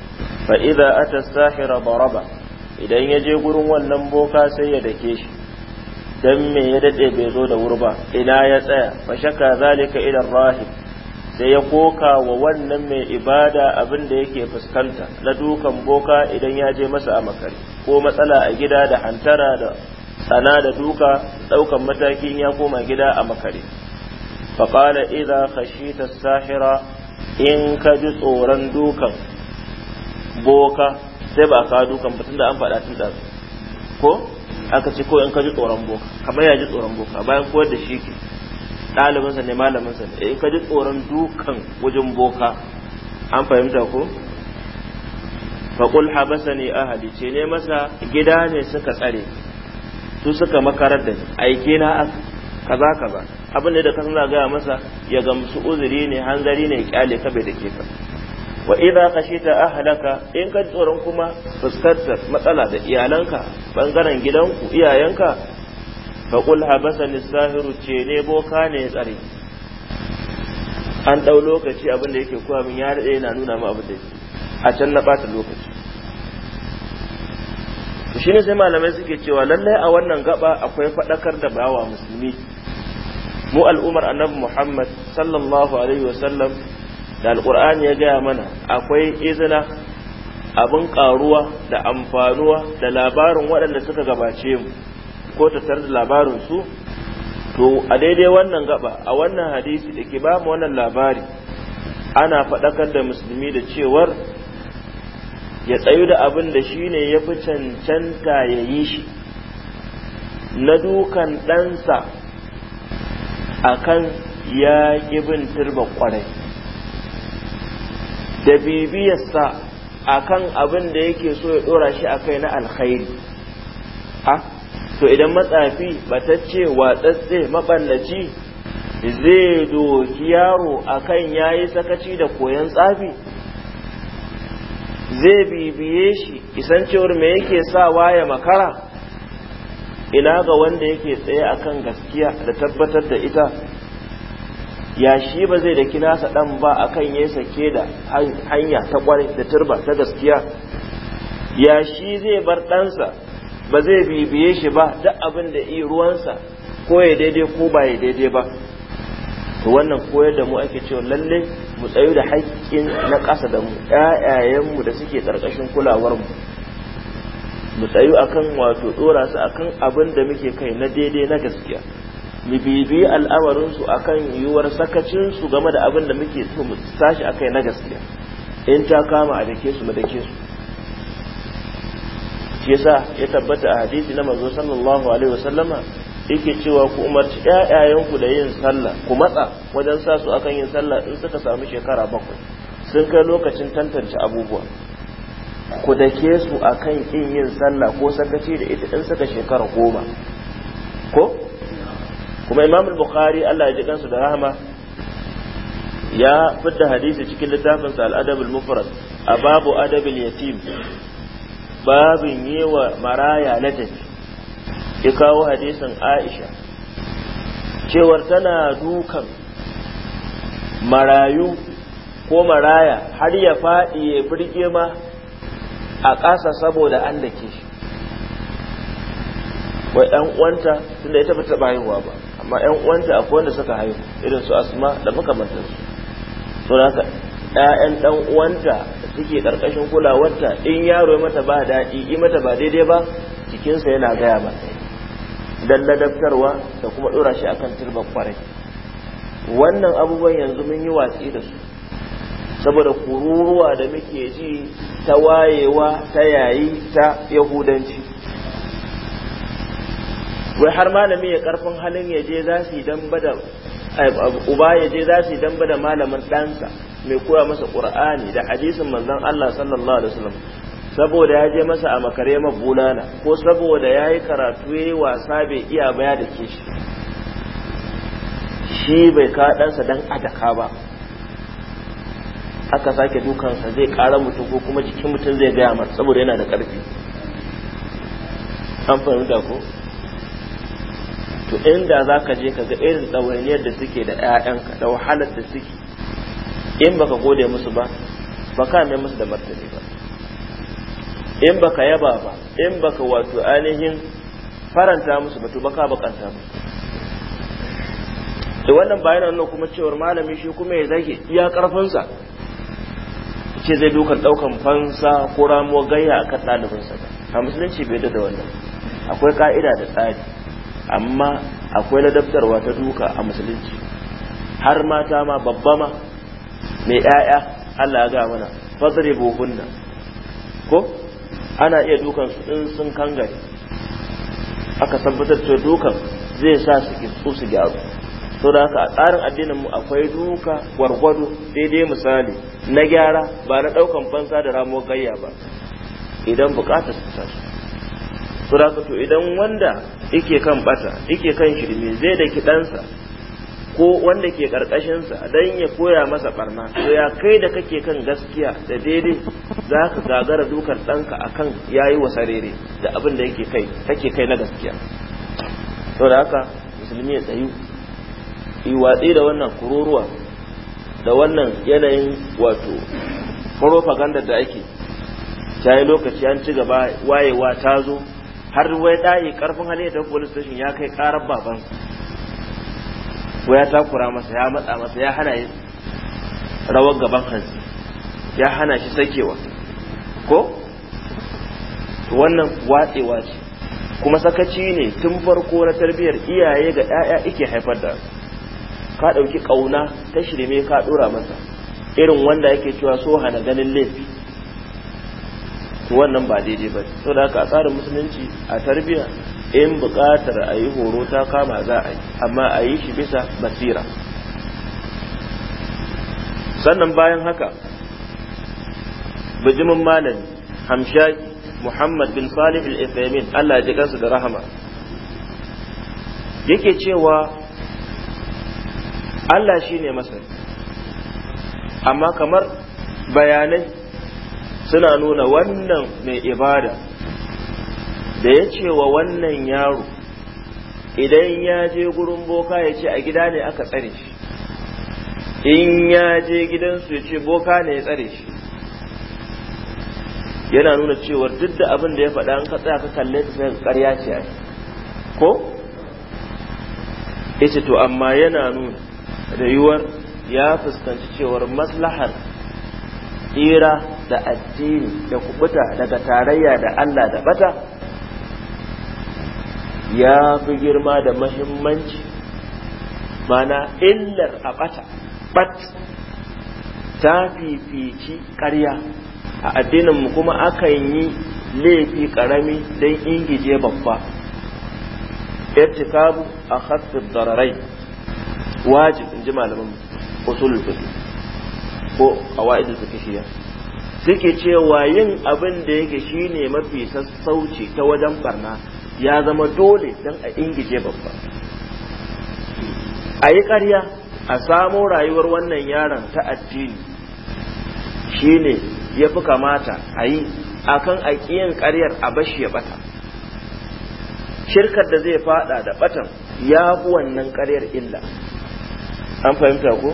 fa idza ata sahira baraba idan ya je gurin wannan boka sai ya dake shi dan me ya dade bai zo da wurba ina ya tsaya fa shaka zalika ila rahib sai ya koka wa wannan mai ibada abin da yake fuskanta na dukan boka idan ya je masa a makare ko matsala a gida da hantara da tsana da duka daukan matakin ya koma gida a makare faƙala idza khashita sahira in ka ji tsoron dukan boka sai ba ka dukan ba tunda an faɗa tun da ko aka ce ko in ka ji tsoron boka kamar ya ji tsoron boka bayan koyar da shi ke ɗalibinsa ne malaminsa ne eh, in ka ji tsoron dukan wajen boka an fahimta ko faƙul habasa ne a ce ne masa gida ne suka tsare su suka makarar da aike na kaza kaza abin da ka suna gaya masa ya gamsu uzuri ne hanzari ne kyale ka bai da ke ka wa idza khashita ahlaka in ka tsoron kuma fuskantar matsala da iyalanka bangaren gidanku iyayenka faƙul habasa lissahiru ce ne boka ne ya tsare an ɗau lokaci abin da yake kuwa min ya daɗe yana nuna mu abin da yake a can na ɓata lokaci to shine sai malamai suke cewa lallai a wannan gaba akwai faɗakar da bawa musulmi mu al'umar annabi muhammad sallallahu alaihi wasallam da alƙur'ani ya gaya mana akwai izina abin ƙaruwa da amfanuwa da labarin waɗanda suka gabace mu ko ta tar da labarin su to a daidai wannan gaba a wannan hadisi da ke bamu wannan labari ana faɗakar da musulmi da cewar ya tsayu da abin da shi ne ya fi cancanta ya yi shi na dukan ɗansa a kan ya ƙi bin turba ƙwarai da bibiyarsa a kan abin da yake so ya ɗora shi a kai na alkhairi ah, to idan matsafi batacce watsatse maballaci zai doki yaro akan yayi sakaci da koyon tsafi zai bibiye shi isan cewar me yake sawa ya makara ina ga wanda yake tsaye akan gaskiya da tabbatar da ita ya shi ba zai da kinasa dan ba akan ya sake da hanya ta kwarai da turba ta gaskiya ya shi zai bar ɗansa ba zai bibiye shi ba duk abin da iya ruwansa ko ya daidai ko ba ya daidai ba to wannan koyar da mu ake cewa lalle mu tsayu da haƙƙin na ƙasa da mu ƴaƴayenmu da suke ƙarƙashin kulawar mu mu tsayu akan wato dora su akan abin da muke kai na daidai na gaskiya mu bibiye al'amarin su akan yiwuwar sakacin su game da abin da muke so mu sashi akai na gaskiya in ta kama a dake su mu dake su shi yasa ya tabbata a hadisi na manzo sallallahu alaihi wasallama yake cewa ku umarci ƴaƴayenku da yin sallah ku matsa wajen sa su akan yin sallah in suka samu shekara bakwai sun kai lokacin tantance abubuwa ku dake su akan kin yin sallah ko sakaci da ita in suka shekara goma ko kuma imam al-bukhari Allah ya ji kansu da rahama ya fitta hadisi cikin littafin sa al-adab al-mufrad a babu adab al-yatim babin yewa maraya ladabi ya kawo hadisin aisha cewar tana dukan marayu ko maraya har ya faɗi ya birge ma a ƙasa saboda an da ke shi wa ‘yan uwanta tun da ya tafi taɓa haihuwa ba amma ‘yan uwanta akwai wanda suka haihu irin su asma da makamantarsu to haka yayan ɗan uwanta suke karkashin kulawarta in yaro ya mata ba daɗi in mata ba daidai ba jikinsa yana gaya ba dan ladabtarwa da kuma dora shi akan turban kwarai wannan abubuwan yanzu mun yi watsi da su saboda kururuwa da muke ji ta wayewa ta yayi ta yahudanci wai har malami ya karfin halin ya je za su yi damba da uba ya je za su yi damba da malamin ɗansa mai koya masa qur'ani da hadisin manzon Allah sallallahu alaihi wasallam saboda ya je masa a makare mabulana ko saboda ya yi karatu ya yi wasa bai iya baya da ke shi shi bai kaɗansa don adaka ba aka sake dukansa zai ƙara mutum ko kuma jikin mutum zai gaya mata saboda yana da ƙarfi an fahimta ko to inda za ka je ka ga irin ɗawainiyar da suke da 'ya'yanka da wahalar da suke in baka gode musu ba ka mai musu da martani ba in baka yaba ba in baka wato ainihin faranta musu ba to baka bakanta ba. da wannan bayan wannan kuma cewar malami shi kuma ya zage iya karfinsa ce zai dokar daukan fansa ko ramuwar gayya a kan ɗalibinsa a musulunci bai da wannan akwai ka'ida da tsari amma akwai ladabtarwa ta duka a musulunci har mata ma babba ma mai ƴaƴa Allah ya ga mana fadribu hunna ko ana iya dukan su in sun kangare aka tabbatar da dukan zai sa su ki su gyaru to da haka a tsarin addinin mu akwai duka gwargwado daidai misali na gyara ba na ɗaukan fansa da ramuwar gayya ba idan bukatar su su to da haka to idan wanda yake kan bata yake kan shirme zai daki dansa. ko wanda ke karkashinsa don ya koya masa barna to ya kai da kake kan gaskiya da daidai za ka gagara dukar ɗanka akan kan ya yi wa sarere da abin da yake kai kake kai na gaskiya to da haka musulmi ya tsayu yi watsi da wannan kururuwa da wannan yanayin wato propaganda da ake ta yi lokaci an ci gaba wayewa ta zo har wai ɗaye ƙarfin hali ta police station ya kai ƙarar babansa ko ya takura masa ya matsa masa ya hana rawar gaban hanzi ya hana shi sakewa ko wannan watsewa ce kuma sakaci ne tun farko na tarbiyyar iyaye ga 'ya'ya ike haifar da ka ɗauki ƙauna ta shirme ka ɗora masa irin wanda yake cewa so hana ganin laifi wannan ba daidai ba saboda haka a tsarin musulunci a tarbiyya in buƙatar a yi horo ta kama za a yi amma a yi shi bisa basira sannan bayan haka bijimin malami hamshaki muhammad bin salih al allah ji kansu da rahama yake cewa allah shi ne masar amma kamar bayanai suna nuna wannan mai ibada da ya ce wa wannan yaro idan ya je gurin boka ya ce a gida ne aka tsare shi in ya je gidansu ya ce boka ne ya tsare shi yana nuna cewar duk da abin da ya faɗa an ka ka kalle ta sai ƙarya ce ai ko Ita to amma yana nuna da yiwuwar ya fuskanci cewar maslahar tsira da addini da kubuta daga tarayya da Allah da bata ya fi girma da mahimmanci mana illar a ɓata ɓat ta fifici ƙarya a addininmu kuma akan yi laifi ƙarami don ingije babba irtikabu a hasfin dararai wajib in ji malamin usulul fiqh ko qawaidul fiqhiyya suke cewa yin abin da yake shine mafi sassauci ta wajen barna ya zama dole don a ingije babba a yi ƙarya a samo rayuwar wannan yaron ta addini ne ya fi kamata a yi akan aƙiyan ƙaryar a bashi ya bata shirkar da zai fada da batan ya fi wannan ƙaryar illa an fahimta ko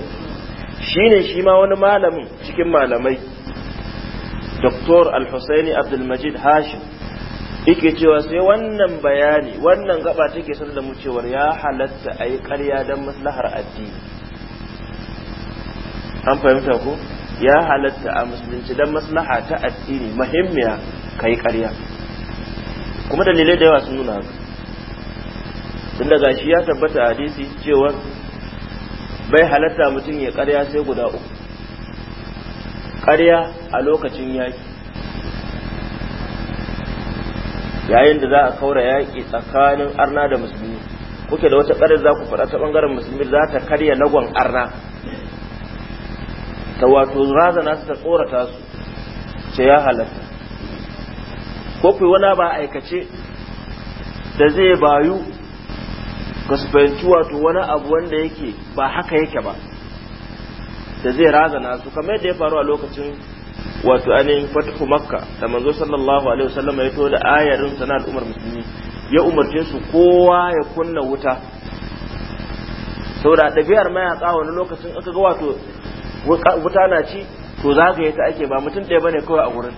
ne shi ma wani malamin cikin malamai doktor al abdulmajid hashim yake cewa sai wannan bayani wannan gaba take sanar da mu cewar ya halatta a yi ƙarya don maslahar addini an fahimta ko ya halatta a musulunci don maslaha ta addini muhimmiya ka yi ƙarya kuma dalilai da yawa sun nuna haka tun daga shi ya tabbata a hadisi cewar bai halatta mutum ya ƙarya sai guda uku ƙarya a lokacin yaki yayin da za a kaura yaƙi tsakanin arna da musulmi kuke da wata ƙarin za ku faɗa ta ɓangaren musulmi za ta karya nagon arna ta wato razana su ta tsorata su ce ya halatta ko kuwa wani ba aikace da zai bayu ga su fahimci wato wani abu wanda yake ba haka yake ba da zai razana su kamar yadda ya faru a lokacin wato anin fatihu makka da manzo sallallahu alaihi wasallam ya to da ayarin sana al'ummar musulmi ya umarce su kowa ya kunna wuta saboda ɗabi'ar mayaƙa wani lokacin aka ga wato wuta na ci to yi ta ake ba mutum ɗaya bane kawai a wurin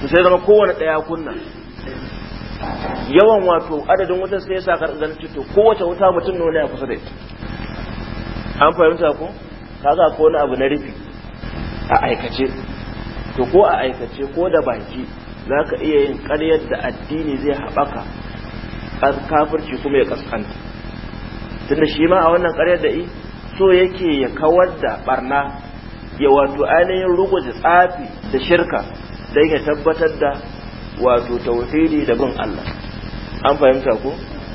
to sai zama kowane ɗaya kunna yawan wato adadin wutar sai ya sa ganin to kowace wuta mutum ne ya kusa da ita an fahimta ko kaga ko wani abu na rufi a aikace to ko a aikace ko da baki za ka iya yin ƙaryar da addini zai haɓaka kafirci kuma ya kaskanta tunda shi ma a wannan ƙaryar da so yake ya kawar da barna ya wato ainihin ruguje tsafi da shirka don ya tabbatar da wato tauhidi da bin Allah an fahimta ko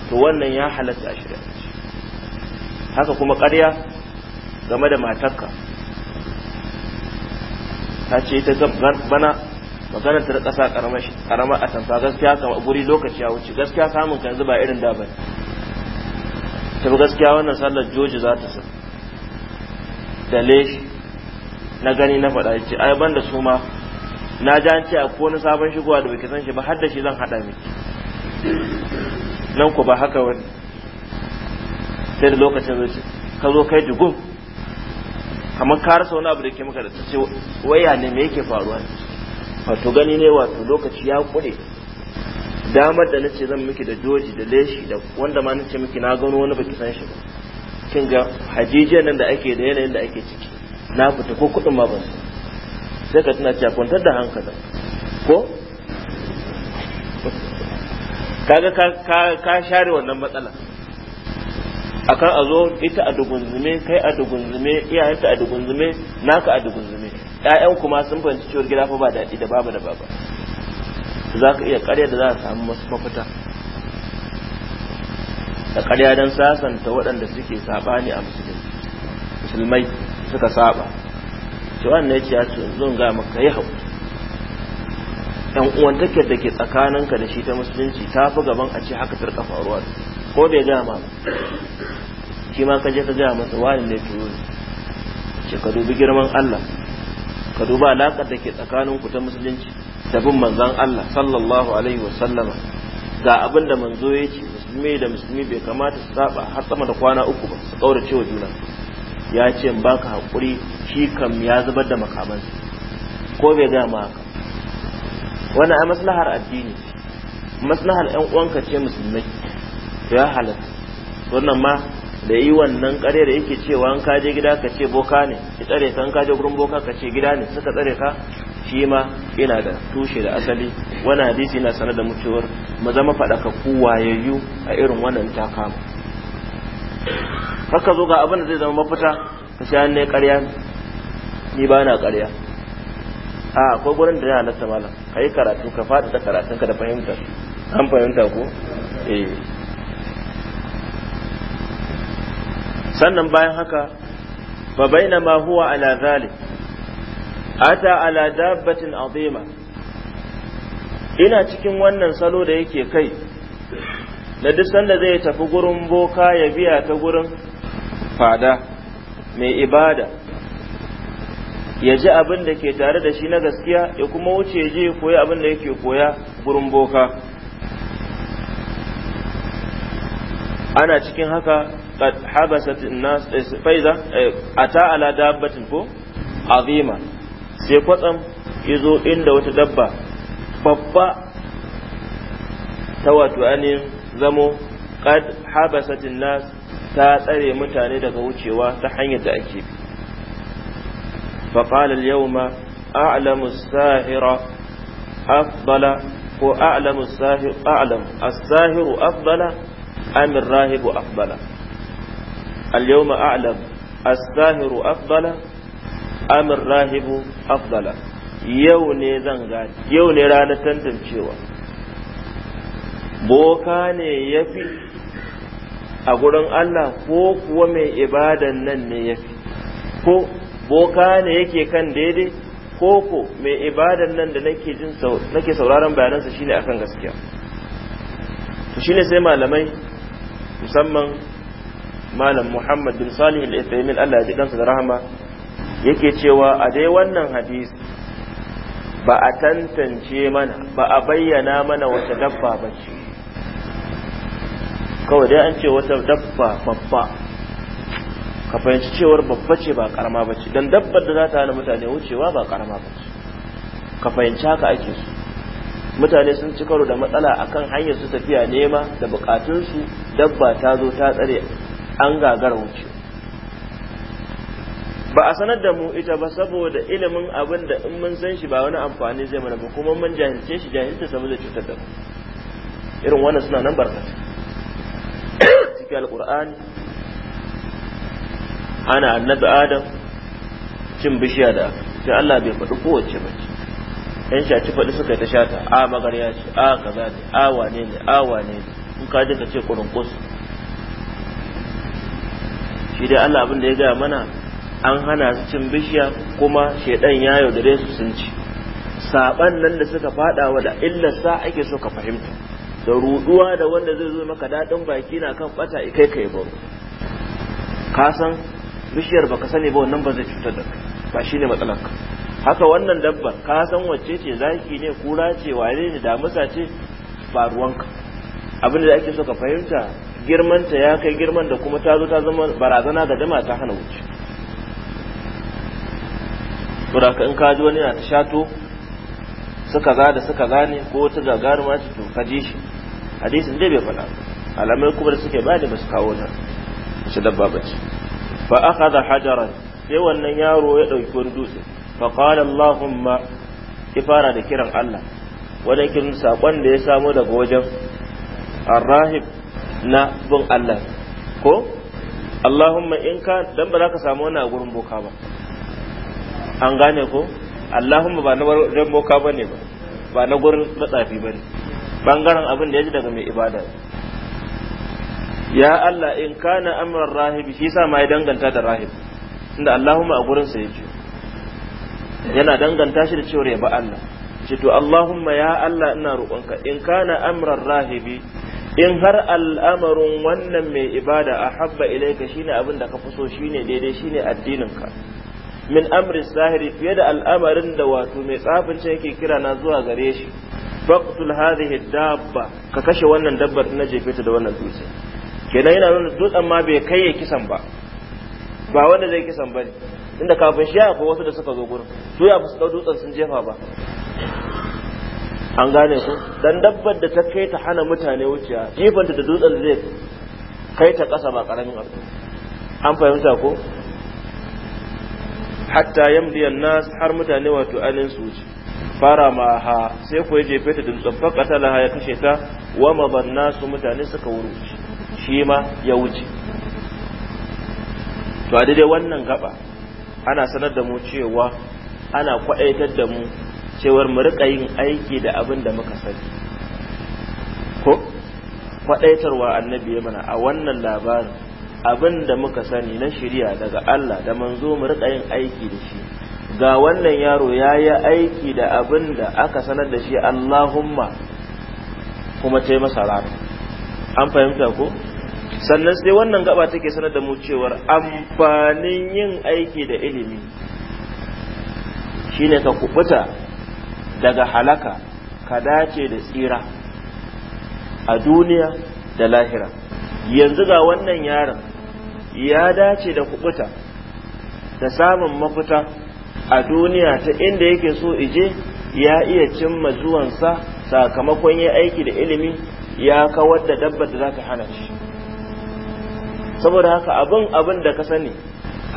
to wannan ya halatta a shirya haka kuma ƙarya game da matarka ta ce ta bana maganar ta da ƙasa ƙarama a tamfa gaskiya kama guri lokaci ya wuce gaskiya samun kan ba irin da ba ta bi gaskiya wannan sallar joji za ta san da leshi na gani na faɗa ce ai ban da su ma na ja ce a kone sabon shigowa da bai san shi ba har da shi zan haɗa miki nan ku ba haka wani sai da lokacin zai ka zo kai jigun kamar ka rasa wani abu da ke maka da sai waya ne me yake faruwa wato gani ne wato lokaci ya kure damar da nace zan miki da doji da leshi da wanda ma nace miki na gano wani baki san shi ba kin ga hajijiyar nan da ake da yanayin da ake ciki na fita ko kudin ma ban sai ka tana cewa kwantar da hankali. ko kaga ka share wannan matsala akan a zo ita a dugunzume kai a dugunzume iyayenta a dugunzume naka a dugunzume ƴaƴan kuma sun fahimci cewar gida fa ba daɗi da baba da baba za ka iya ƙarya da za a samu mafita da ƙarya don sasanta waɗanda suke saɓani a musulmi musulmai suka saba ce wannan ya ce ya ce zon ga maka yi hau ɗan take da ke tsakaninka da shi ta musulunci ta fi gaban a ce haka tarka faruwa da ko bai gaya ma shi ma ka je ka gaya masa wani ne turo ce ka dubi girman Allah ka duba alaƙar da ke tsakanin ku ta musulunci da bin manzon Allah sallallahu alaihi wa sallama ga abin da manzo ya ce musulmi da musulmi bai kamata su saba har sama da kwana uku ba su kaurace wa juna ya ce in baka hakuri shi kam ya zubar da makamansa ko bai gaya ma haka wannan a maslahar addini maslahar 'yan uwanka ce musulmai to ya halatta wannan ma da yi wannan kare da yake cewa an kaje gida ka ce boka ne ki tsare ka an kaje gurin boka ka ce gida ne suka tsare ka shi ma yana da tushe da asali wani hadisi yana sanar da mutuwar mu zama ka wayayyu a irin wannan takama haka zo ga abin da zai zama mafita ka an ne karya ni ba na karya a akwai gurin da ya halatta malam ka yi karatu ka faɗi da ka da fahimtar an fahimta ko eh sannan bayan haka fa ma huwa ala zalik ata ala dabbatin azima ina cikin wannan salo da yake kai da duk sanda zai tafi gurin boka ya biya ta gurin fada mai ibada ya ji abin da ke tare da shi na gaskiya ya kuma wuce ya je ya koya abin da yake koya gurin boka ana cikin haka قد حبست الناس sai أتى izo دابة wata dabba. يزو إند وتدبى فبا توت أن زمو قد حبست الناس تاتري متاني دغه wucewa ta hanyar da ake bi fa qala al yawma a'lamu as-sahira ko a'lamu as-sahir a'lam as-sahiru afdala am rahibu afdala اليوم أعلم a'lam as أم الراهب أفضل يوني زنغان yau ne zan tantancewa boka ne إبادة a gurin Allah ko kuwa mai ne boka ne yake kan daidai koko mai ibadan nan da nake jin nake sauraron bayanansa shine akan gaskiya to shine sai malamai musamman malam muhammad bin salih al-ithaymin Allah ya ji kansa da rahama yake cewa a dai wannan hadisi ba a tantance mana ba a bayyana mana wata dabba ba ce kawai dai an ce wata dabba babba ka fahimci cewar babba ce ba karama ba ce don dabbar da za ta hana mutane wucewa ba karama ba ce ka fahimci haka ake su mutane sun ci karo da matsala akan hanyar su tafiya nema da bukatunsu dabba ta zo ta tsare an gagara wuce ba a sanar da mu ita ba saboda ilimin abin da in mun san shi ba wani amfani zai mana ba kuma mun jahilce shi jahilta sabu zai cutar da mu irin wannan suna nan barka cikin alkur'ani ana annabi adam cin bishiya da sai Allah bai faɗi kowace ba yan shaci faɗi suka ta shata a magarya ce a kaza ne a wane ne a wane ne in ka ka ce kurin kosu shi dai Allah abin da ya gaya mana an hana su cin bishiya kuma shaidan ya yaudare su sun ci saban nan da suka fada wa da sa ake so ka fahimta da ruduwa da wanda zai zo maka daɗin baki na kan bata kai kai ba ka san bishiyar baka sani ba wannan ba zai cutar da kai ba shine matsalar ka haka wannan dabba ka san wacce ce zaki ne kura ce ware ne damusa ce ba ruwanka abin da ake so ka fahimta girmanta ya kai girman da kuma ta zo ta zama barazana ga jama'a ta hana wuce saboda ka in ka ji wani na ta shato suka za da suka gane ko wata gagaruma ce to kaje shi hadisin dai bai faɗa alamai kuma da suke bani ba su kawo ta shi dabba ba ce fa akhadha hajaran sai wannan yaro ya dauki wani dutse fa qala allahumma ifara da kiran Allah wadakin kirin sakon da ya samu daga wajen arrahib na bin Allah ko Allahumma in ka dan ba za ka samu wani a gurin boka ba an gane ko Allahumma ba na gurin boka ba ne ba ba na gurin matsafi ba ne bangaren abin da ya ji daga mai ibada ya Allah in ka na amran rahib shi sa ma ya danganta da rahib inda Allahumma a gurin sa yake yana danganta shi da cewa ya ba Allah ce to Allahumma ya Allah ina roƙonka in kana amran rahibi in har al'amarin wannan mai ibada a habba ilaika shine abin da ka fi so shine daidai shine addininka min amrin zahiri fiye da al'amarin da wato mai ce yake kira na zuwa gare shi faqtul hadhihi dabba ka kashe wannan dabbar na jefe ta da wannan dutse kenan yana nuna dutsen ma bai kai ya kisan ba ba wanda zai kisan ba inda kafin shi akwai wasu da suka zo gurin su ya dau dutsen sun jefa ba an gane ku dan dabbar da ta kai ta hana mutane wuciya jifanta da dutsen zai kai ta ƙasa ba ƙaramin abu an fahimta ko hatta yamdiyan nas har mutane wato alin su wuce fara ma ha sai ku yi jefe ta da dutsen laha ya kashe ta wa maban nasu mutane suka wuce shi ma ya wuce to a daidai wannan gaba ana sanar da mu cewa ana kwaɗaitar da mu cewar mu rika yin aiki da abin da muka sani ko kwadaitarwa annabi ya mana a wannan labarin abin da muka sani na shirya daga Allah da manzo mu rika yin aiki da shi ga wannan yaro ya yi aiki da abin da aka sanar da shi Allahumma kuma ta yi masa rana an fahimta ko sannan sai wannan gaba take sanar da mu cewar amfanin yin aiki da ilimi shine ka kubuta daga halaka ka dace da tsira a duniya da lahira yanzu ga wannan yaron ya dace da kubuta da samun mafita a duniya ta inda yake so ije ya iya cimma zuwansa sakamakon ya aiki da ilimi ya kawar da dabba da za ta hana shi saboda haka abin abin da ka sani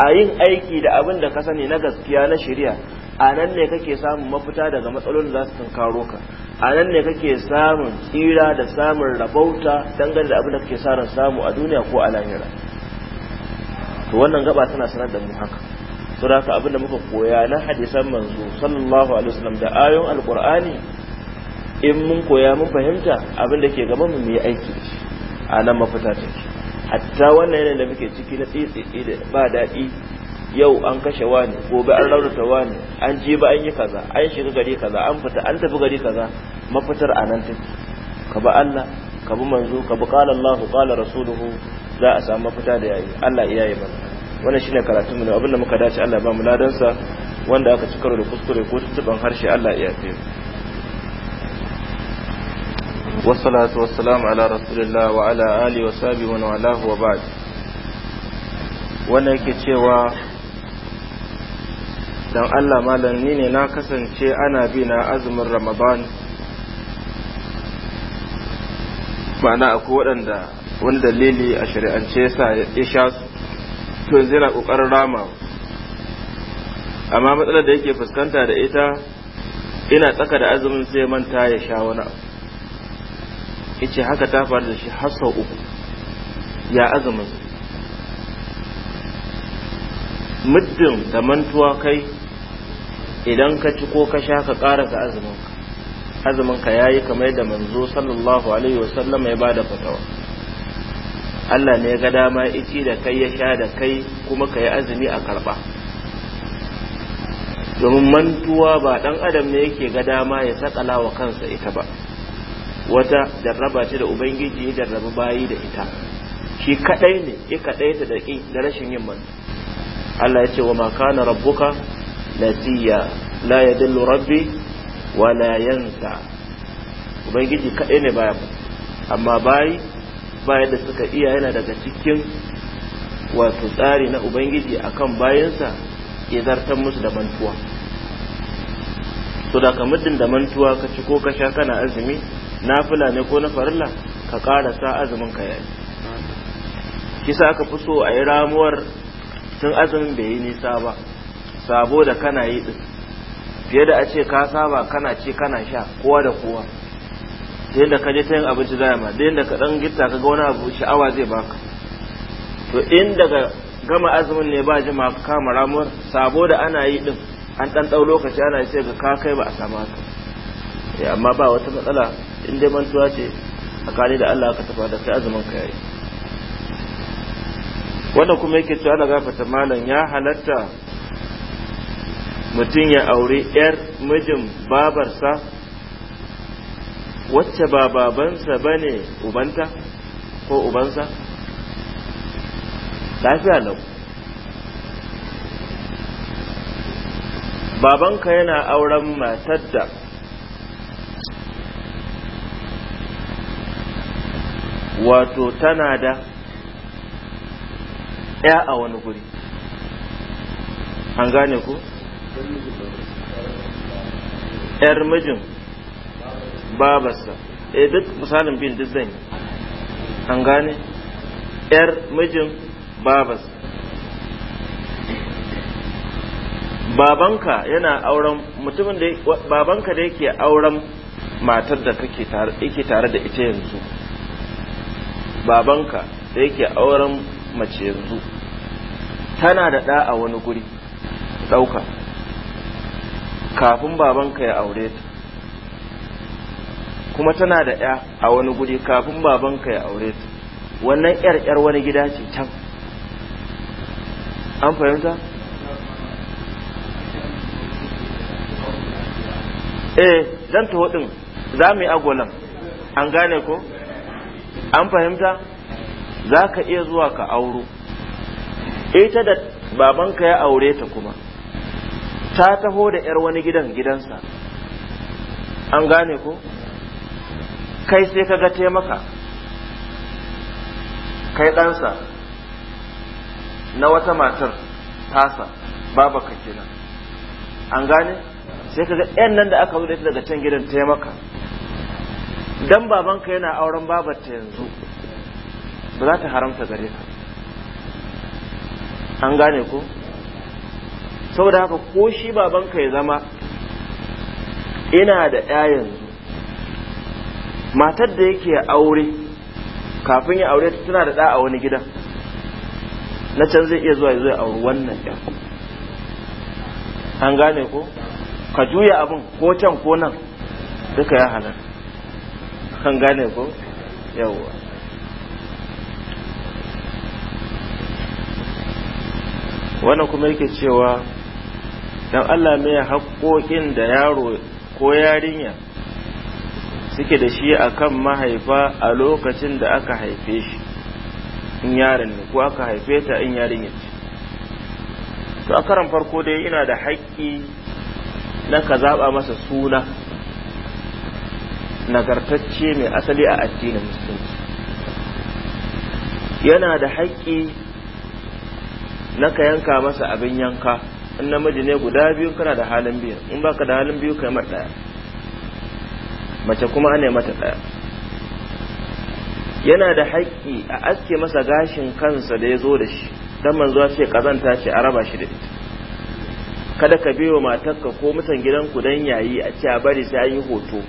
a yin aiki da abin da ka sani na gaskiya na shirya a nan ne kake samun mafita daga matsalolin za su tunkaro ka a nan ne kake samun tsira da samun rabauta dangane da abin da kake sa samu a duniya ko a lahira to wannan gaba tana sanar da mu haka to haka abin da muka koya na hadisan manzo sallallahu alaihi wasallam da ayoyin alqur'ani in mun koya mun fahimta abin da ke gaban mu mu yi aiki da shi a nan mafita take hatta wannan yanayin da muke ciki na tsitsi da ba daɗi yau an kashe wani gobe an raunata wani an je ba an yi kaza an shiga gari kaza an fita an tafi gari kaza mafitar a nan take ka bi Allah ka bi manzo ka bi qala Allah qala rasuluhu za a samu mafita da yayi Allah iyaye mana wannan shine karatun mu ne abinda muka dace Allah ba mu ladan sa wanda aka ci karo da kuskure ko tuban harshe Allah iya tsaye wassalatu wassalamu ala rasulillah wa ala alihi wa sahbihi wa wala wa ba'd wannan yake cewa dan Allah malam ni ne na kasance ana bi na azumin ramadan ma'ana akwai waɗanda wani dalili a shari'ance ya sha su to yanzu yana ƙoƙarin rama amma matsalar da yake fuskanta da ita ina tsaka da azumin sai manta ya sha wani abu yace haka ta faru da shi har sau uku ya azumin muddin da mantuwa kai idan ka ci ko ka sha ka karasa ka ka ya yi kamar da manzo sallallahu alaihi wasallam ya bada fatawa Allah ne ya ga dama ici da kai ya sha da kai kuma ka yi azumi a karba domin mantuwa ba dan adam ne yake ga dama ya sakala wa kansa ita ba wata jarraba ce da ubangiji ya jarraba bayi da ita shi kadai ne ya kadai ta da da rashin yin mantu Allah ya ce wa ma kana rabbuka nasiya la dillu rabbi la yansa ubangiji kaɗai ne baya amma bayi bayan da suka iya yana daga cikin wato tsari na ubangiji akan bayansa ya zartar musu da mantuwa to da ka muddin da mantuwa ka ci ko ka sha kana azumi nafila ne ko na farilla ka sa azumin ka yayi kisa aka fi so a yi ramuwar tun azumin bai yi nisa ba sabo da kana yi din fiye da a ce ka saba kana ci kana sha kowa da kowa ta yadda ka je ta yin abinci zai ma da yadda ka dan gitta ka ga wani abu sha'awa zai baka to in daga gama azumin ne ba ji ka kama ramuwar sabo da ana yi din an dan dau lokaci ana yi sai ga ka kai ba a sama ka eh, amma ba wata matsala in dai mantuwa ce tsakani da Allah ka tafa da kai azumin ka yayi Wannan kuma yake cewa ana gafata malam ya halatta mutum ya auri 'yar mijin babarsa wacce ba babansa ba ne ubanta ko ubansa lafiya lau babanka yana auren matar da wato tana da ya a wani guri an gane ku? yar mijin babarsa e duk misalin bin duk zan yi an gane yar mijin babarsa babanka yana auren mutumin da babanka da yake auren matar da kake tare yake tare da ita yanzu babanka da yake auren mace yanzu tana da ɗa a wani guri ɗauka kafin babanka ya aure ta kuma tana da ya a wani guri kafin babanka ya aure ta wannan yar yar wani gida ce can an fahimta eh zan taho din za mu yi agolan an gane ko an fahimta za ka iya zuwa ka auro ita da babanka ya aure ta kuma ta taho da ‘yar wani gidan gidansa an gane ku kai sai ka ga taimaka kai ɗansa na wata matar tasa babu ka an gane sai ka ga ‘yan nan da aka zo ita daga can gidan taimaka dan babanka yana auren babarta yanzu ba za ta haramta gare ka an gane ku saboda haka ko shi babanka ya zama ina da ɗa yanzu matar da yake aure kafin ya aure tana da ɗa a wani gidan na can zai iya zuwa ya ya auri wannan ɗan an gane ko ka juya abin ko can ko nan duka ya hana kan gane ko yawwa wannan kuma yake cewa don Allah mai haƙoƙin da yaro ko yarinya suke da shi a kan mahaifa a lokacin da aka haife shi in yaron ne ko aka haife ta in yarinya ce to a karan farko dai ina da haƙƙi na ka zaɓa masa suna nagartacce mai asali a addinin musulunci yana da haƙƙi na ka yanka masa abin yanka in namiji ne guda biyu kana da halin biyu in baka da halin biyu kai mata daya mace kuma ana mata daya yana da haƙƙi a aske masa gashin kansa da ya zo da shi dan manzo ce kazanta ce a raba shi da ita kada ka biyo matarka ko mutan gidanku dan yayi a ce a bari sai an yi hoto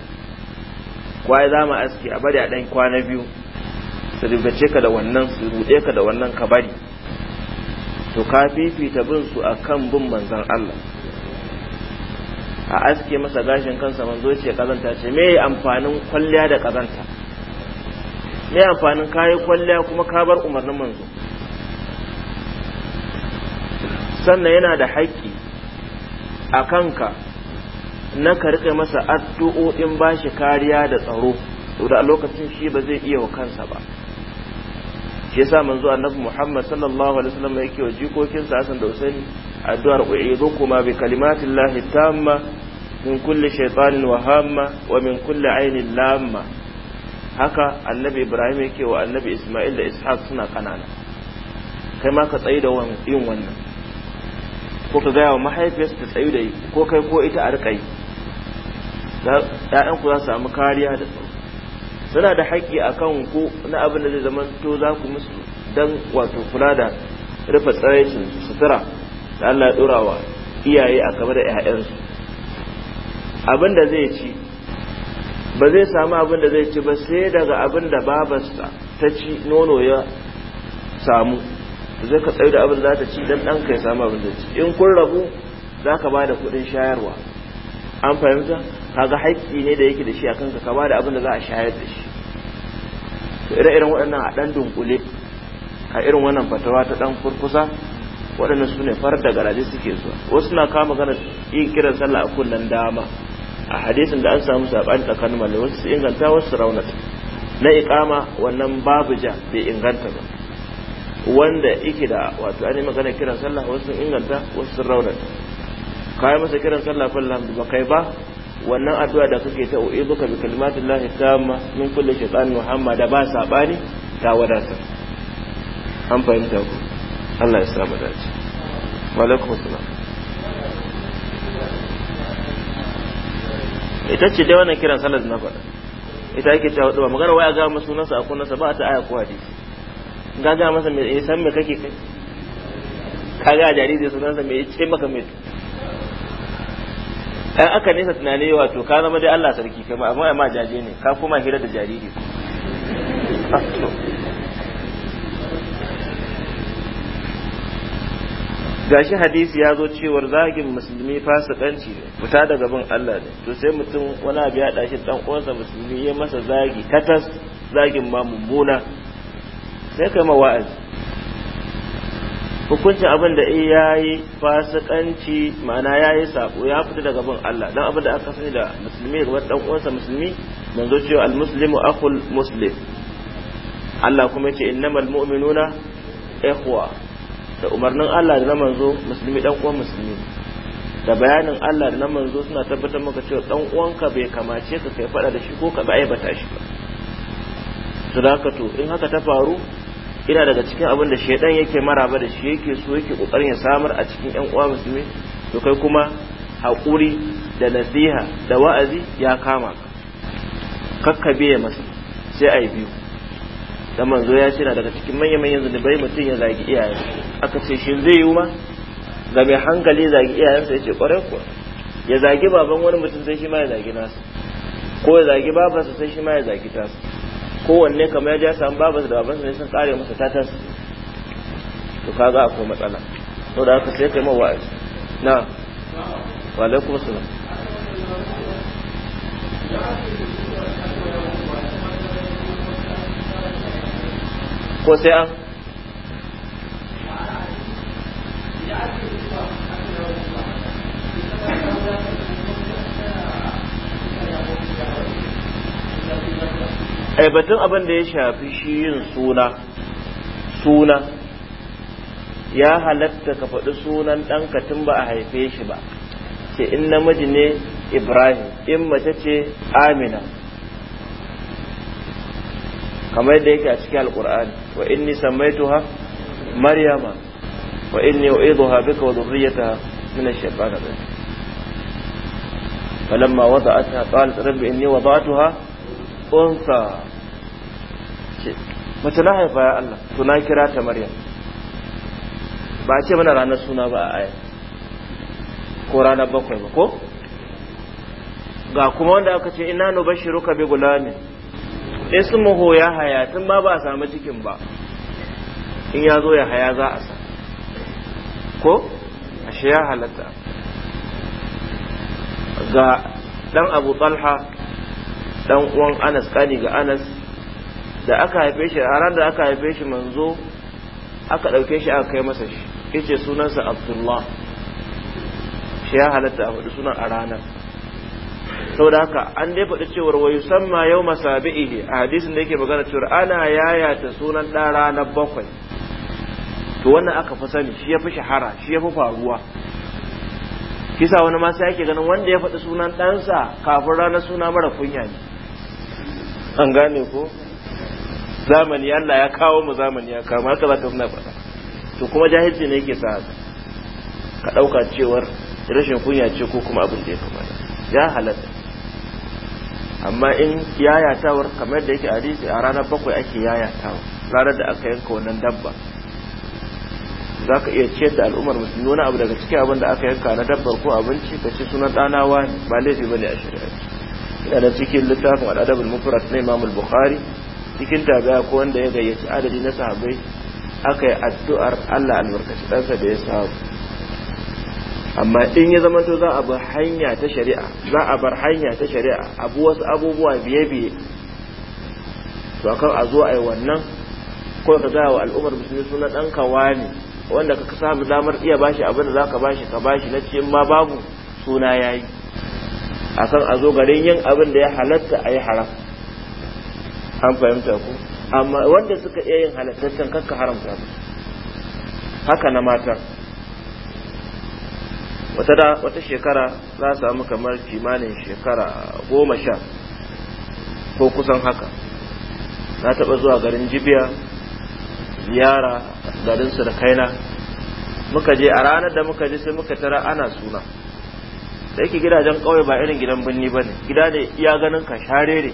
kwaye za mu aske a bari a dan kwana biyu su rubuce ka da wannan su rude ka da wannan ka bari to ka fifita bin su akan bin manzon Allah a aske masa gashin kansa manzo ce kazanta ce me amfanin kwalliya da kazanta me amfanin kayi kwalliya kuma ka bar umarnin manzo sannan yana da haƙƙi a kanka na riƙe masa addu'o'in bashi kariya da tsaro da a lokacin shi ba zai iya wa kansa ba shi yasa manzo annabi Muhammad sallallahu alaihi wasallam yake wa jikokin sa Hassan da Husaini addu'ar u'idukuma bi kalimatillahi tamma min kulli shaytanin wa hamma wa min kulli ainin lamma haka annabi Ibrahim yake wa annabi Isma'il da Ishaq suna kanana kai ma ka tsayi da yin wannan ko ka gaya wa mahaifiyarsa ta tsayi da yi ko kai ko ita a riƙa yi ‘ya'yanku za su samu kariya da tsaro suna da haƙƙi a kan ku na abin da zai zama to za ku musu don wato kula da rufe tsaraicin sutura da Allah ya wa iyaye a kamar da 'ya'yansu abin da zai ci ba zai samu abin da zai ci ba sai daga abin da babarsa ta ci nono ya samu zai ka da abin za ta ci don ka ya samu abin da ci in kun rabu za ka ba da kuɗin shayarwa an fahimta kaga haƙƙi ne da yake da shi a kanka ka bada abin da za a shayar da shi to ire-iren waɗannan a ɗan dunkule a irin wannan fatawa ta ɗan kurkusa waɗannan su ne farar da garaje suke zuwa wasu na kama gana yin kiran sallah a kunnen dama a hadisin da an samu saɓani tsakanin malamai wasu su inganta wasu raunata na iƙama wannan babu ja bai inganta ba wanda yake da wato an yi magana kiran sallah wasu inganta wasu raunata kai masa kiran sallah fallan ba kai ba wannan addu'a da kake ta u'izuka bi kalimatillahi tamma min kulli shaytan Muhammad da ba sabani ta wadata an fahimta ku Allah ya samu dace wa alaikum assalam ita ce dai wannan kiran salat na faɗa ita yake ta ba magana waya ga masa sunansa a kunnansa ba ta aya ko hadisi ga ga masa me eh, san me kake kai ka ga jariri sunansa me ya ce maka me in aka nesa tunani wato ka zama dai Allah sarki kai amma amma jaje ne ka koma hira da jariri gashi hadisi ya zo cewar zagin musulmi fasikanci ne fita daga bin Allah ne to sai mutum wani abu ya dashi dan uwansa musulmi ya masa zagi katas zagin ma mummuna sai kai ma wa'azi hukuncin abin da ya eh yayi fasikanci ma'ana yayi sako ya fita daga bin Allah don abin da aka sani da musulmi ga dan uwansa musulmi zo cewa almuslimu akhul muslim Allah kuma yace innamal mu'minuna ikhwa da umarnin Allah da na manzo musulmi dan uwan musulmi da bayanin Allah da na manzo suna tabbatar maka cewa dan uwanka bai kamace ka kai fada da shi ko ka aibata shi ba to da to in haka ta faru ina daga cikin abin da shaidan yake maraba da shi yake so yake kokarin ya samar a cikin ƴan uwa musulmi to kai kuma haƙuri da nasiha da wa'azi ya kama ka biye masa sai ai biyu dan manzo ya ce daga cikin manyan manyan zunubai mutum ya zagi iyayen aka ce shi zai yi ma ga mai hankali zagi iyayensa ya ce kwarai kuwa ya zagi baban wani mutum sai shi ma ya zagi nasu ko ya zagi babansa sai shi ma ya zagi tasu. kowanne kamar ya ja samu babansa da babansa ne sun kare masa tatas to kaga akwai matsala to da haka sai kai ma wa'azi na wa alaikum assalam ko sai an batun abin da ya shafi shi yin suna suna ya halatta ka faɗi sunan ɗan tun ba a haife shi ba ce in namiji ne ibrahim in mace ce amina kamar yadda yake a cikin alkur'ani wa inni samaituha maryama wa inni u'idhuha bika wa dhurriyyataha min ash-shaytanir rajim falamma wada'atha qalat rabbi inni wada'tuha unsa mace na haifa ya Allah to na kira ta maryam ba a ce mana ranar suna ba a aya ko ranar bakwai ba ko ga kuma wanda aka ce ina no bashiru ka bi gulamin ismuhu ya haya tun ba ba a samu cikin ba in ya zo ya haya za a sa ko ashe ya halatta ga dan abu talha dan uwan Anas kani ga Anas da aka haife shi a ran da aka haife shi manzo aka dauke shi aka kai masa shi yace sunansa Abdullah shi ya halatta a faɗi sunan a ranar saboda haka an dai faɗi cewar wa yusamma yau masabi'ihi a hadisin da yake magana cewar ana yayata sunan ɗan ranar bakwai to wannan aka fi sani shi ya fi shahara shi ya fi faruwa kisa wani ma sai ake ganin wanda ya faɗi sunan ɗansa kafin ranar suna mara kunya ne an gane ko zamani Allah ya kawo mu zamani ya kawo haka zaka suna faɗa to kuma jahilci ne yake sa haka ka ɗauka cewar rashin kunya ce ko kuma abin da ya kamata ya halatta amma in yayatawar kamar da yake hadisi a ranar bakwai ake tawar ranar da aka yanka wannan dabba za ka iya ciyar da al'ummar musulmi wani abu daga cikin abin da aka yanka na dabbar ko abinci ka ci sunan ɗanawa ba laifi ba a shari'a yana cikin littafin al'adab al na Imam al-Bukhari cikin taga ko wanda ya gayyaci adadi na sahabai aka yi addu'ar Allah albarkaci ɗansa da ya samu amma in ya zama to za a bar hanya ta shari'a za a bar hanya ta shari'a abu wasu abubuwa biye-biye to kan a zo a yi wannan ko ka gaya wa al'ummar musulmi suna ɗan kawa ne wanda ka samu damar iya bashi abin da za ka bashi ka bashi na cikin ma babu suna yayi san a zo garin yin abin da ya halatta a yi haram an fahimta ku amma wanda suka iya yin halattaccen kakka haramta su haka na mata wata shekara za samu kamar kimanin shekara goma sha ko kusan haka na taɓa zuwa garin jibiya ziyara garinsu da kaina muka je a ranar da muka ji sai muka tara ana suna da yake gidajen kawai ba irin gidan birni ba ne gida ne iya ganin ka share ne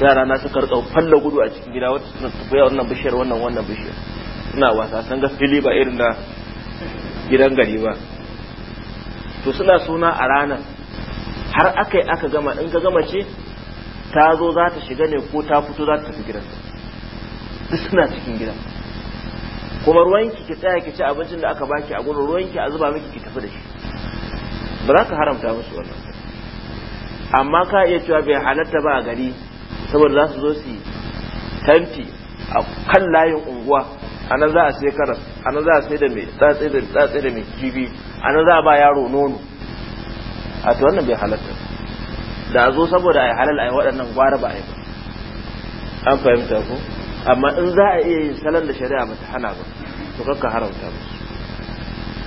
yara na suka rika falla gudu a cikin gida wata suna tafiya wannan bishiyar wannan wannan bishiyar suna wasa san ga fili ba irin na gidan gari ba to suna suna a ranar har aka yi aka gama in ka gama ce ta zo za ta shiga ne ko ta fito za ta tafi gidan duk suna cikin gidan kuma ruwanki ki tsaya ki ci abincin da aka baki a gurin ruwanki a zuba miki ki tafi da shi ba za ka haramta musu wannan amma ka iya cewa bai halatta ba a gari saboda za su zo su tanti a kan layin unguwa a nan za a sai karas a nan za a sai da mai tsatsai da tsatsai da mai kibi a nan za a ba yaro nono a to wannan bai halatta da a zo saboda a yi halal a yi waɗannan gwara ba a yi ba an fahimta ko amma in za a iya yin salon da shari'a ba ta hana ba to kakka haramta ba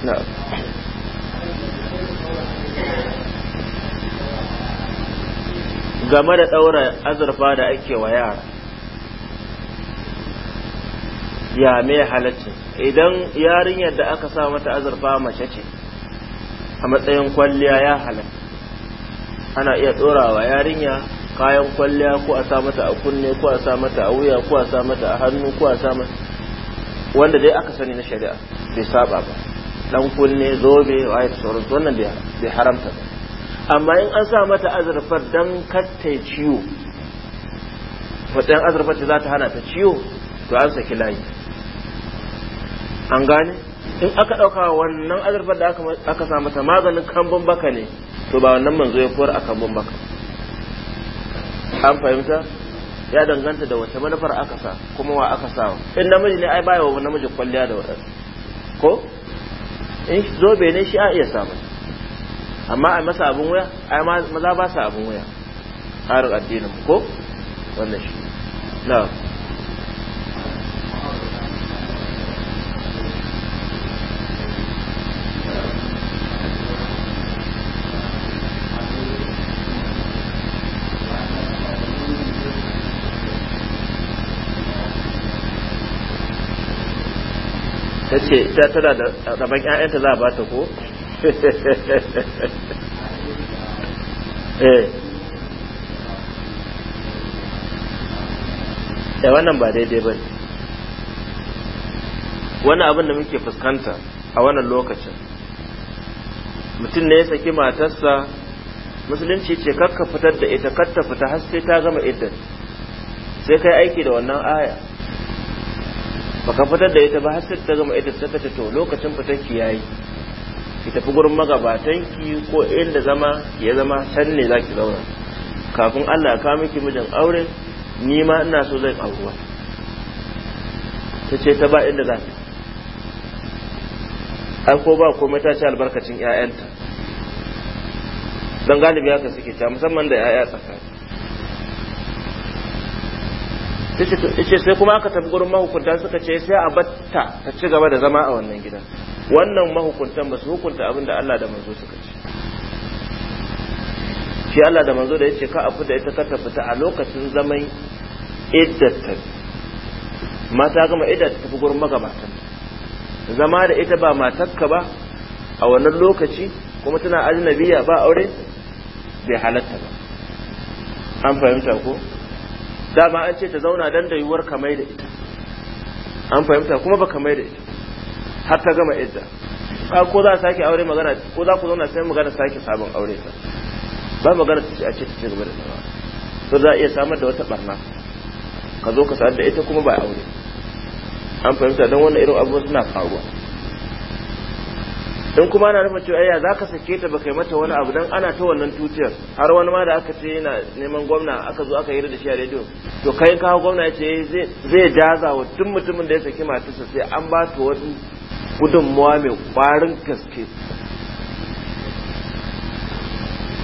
na game da ɗaura azurfa da ake wa yara ya mai halaccin idan yarinyar da aka sa mata azurfa mace ce a matsayin kwalliya ya halatta ana iya ɗora wa yarinya kayan kwalliya ko a sa mata a kunne ko a sa mata a wuya ko a sa mata a hannu ko a sa mata wanda dai aka sani na shari'a bai saba ba dan kunne zobe waye sauran wannan bai haramta ba amma in an sa mata azurfar dan katta ciwo wadan azurfar da za ta hana ta ciwo to an saki layi an gane in aka ɗauka wannan azurfar da aka sa mata maganin kambun baka ne to ba wannan manzo ya kowar a kambun baka an fahimta ya danganta da wace manufar aka sa kuma wa aka sawa in namiji ne ai baya wa namiji kwalliya da wadansu ko in zobe ne shi a iya samu amma a masa abin wuya ai maza ba sa abin wuya har addinin ko wannan shi na'am ce ta tana da rabon ƴaƴanta za a bata ko eh. eh wannan ba daidai ba ne wani abin da muke fuskanta a wannan lokacin mutum ne ya saki matarsa musulunci ce karka fitar da ita karta fita har sai ta gama iddar sai kai aiki da wannan aya baka fitar da ita ba har sai ta gama ita ta ta to lokacin fitar ki yayi ki tafi gurin magabatan ki ko inda zama ya zama san ne zaki zauna kafin Allah ka miki mijin aure ni ma ina so zan aure ta ce ta ba inda za ta ai ko ba komai ta ce albarkacin 'ya'yanta don galibi haka suke ta musamman da 'ya'ya tsakani ce sai kuma aka tafi gurin mahukunta suka ce sai a batta ta ci gaba da zama a wannan gidan wannan mahukuntan ba su hukunta abin da Allah da manzo suka ce shi Allah da manzo da ya ce ka afu da ita ka tafita a lokacin zaman iddata mata gama iddata tafi gurin magabatan zama da ita ba matakka ba a wannan lokaci kuma tana ajnabiya ba aure bai halatta ba an fahimta ko dama an ce ta zauna dan da yiwuwar kamai da ita an fahimta kuma ba kamai da ita har ta gama idda ka ko za a sake aure magana ko za ku zauna sai magana sake sabon aure ta ba magana ta ce a ce ta ce gaba da zama to za a iya samar da wata barna ka zo ka sa'ad da ita kuma ba aure an fahimta don wannan irin abubuwa suna faruwa in kuma ana nufin cewa ya za ka sake ta baka yi mata wani abu don ana ta wannan tutiyar har wani ma da aka ce yana neman gwamna aka zo aka yi da shi a rediyo to kai kawo gwamna ya ce eh, zai jaza wa duk mutumin da ya saki sa sai an ba ta wani gudunmuwa mai kwarin gaske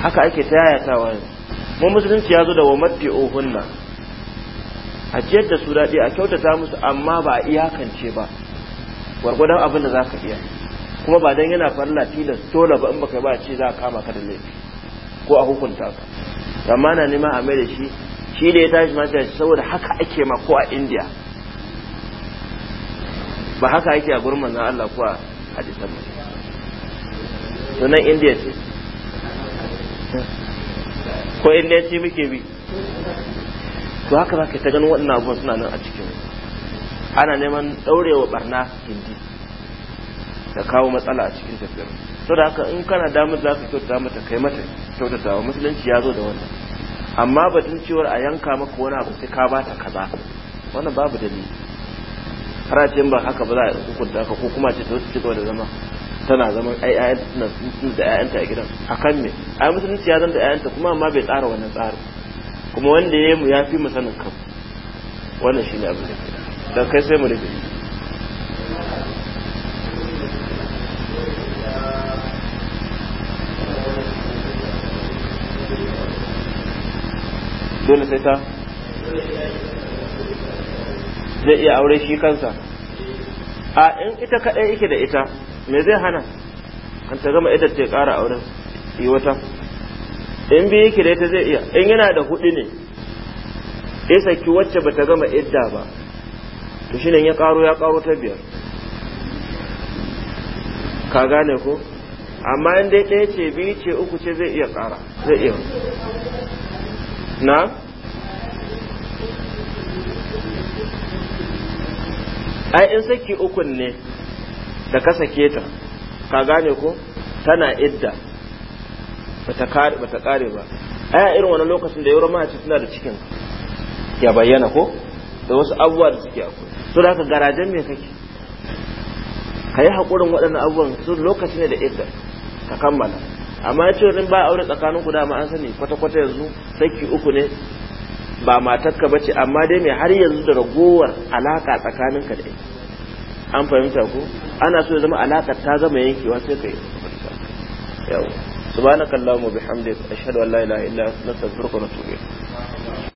haka ake ta yaya ta wani mun musulunci ya zo da wa ohunna a ciyar da su daɗi a kyautata musu amma ba a iyakance ba gwargwadon abin da za ka iya kuma ba dan yana farla tilas dole ba in baka ba ce za a kama ka da laifi ko a hukunta ka amma na nema a mai da shi shi da ya tashi ma sai saboda haka ake ma ko a indiya ba haka ake a gurin na Allah ko a hadisan ba nan indiya ce ko indiya ce muke bi to haka za ka ta ganin waɗannan abubuwan suna nan a cikin ana neman daurewa barna hindi ta kawo matsala a cikin tafiyar sau da haka in kana damar za ka kyauta mata kai mata kyautata wa musulunci ya zo da wannan amma batun cewar a yanka maka wani abu sai ka ba ta kaza wannan babu dalili har a ba haka ba za a yi hukunta haka ko kuma ce ta wata cigaba da zama tana zaman ai ayanta tana da ayanta a gidan akan me ai musulunci ya zanta ayanta kuma amma bai tsara wannan tsarin kuma wanda ya yi mu ya fi mu sanin kan wannan shine abin da ke da kai sai mu rubuta dole sai ta zai iya aure shi kansa a in ita kaɗai yake da ita me zai hana an ta gama idar ta ƙara auren yi wata in biyu yake da ita zai iya in yana da hudu ne ya saki wacce ba ta gama idda ba to shi ya ƙaro ya ƙaro ta biyar ka gane ko amma in dai ɗaya ce biyu ce uku ce zai iya ƙara zai iya na ai in saki ukun ne da ka sake ta ka gane ko tana idda Ba kare kare ba ai irin wani lokacin da yaro ma ce suna da cikin ya bayyana ko da wasu abubuwa da suke akwai to da ka garajen me kake ka yi haƙurin waɗannan abubuwan su lokaci ne da idda ka kammala amma ya ce ba ba aure tsakanin ku dama an sani kwata-kwata yanzu saki uku ne ba matakka ba ce amma dai mai har yanzu da ragowar alaka tsakaninka ka an fahimta ku ana so ya zama alaka ta zama yankewa sai kai yau subhanakallahumma bihamdika ashhadu an la ilaha illa anta astaghfiruka wa atubu ilayk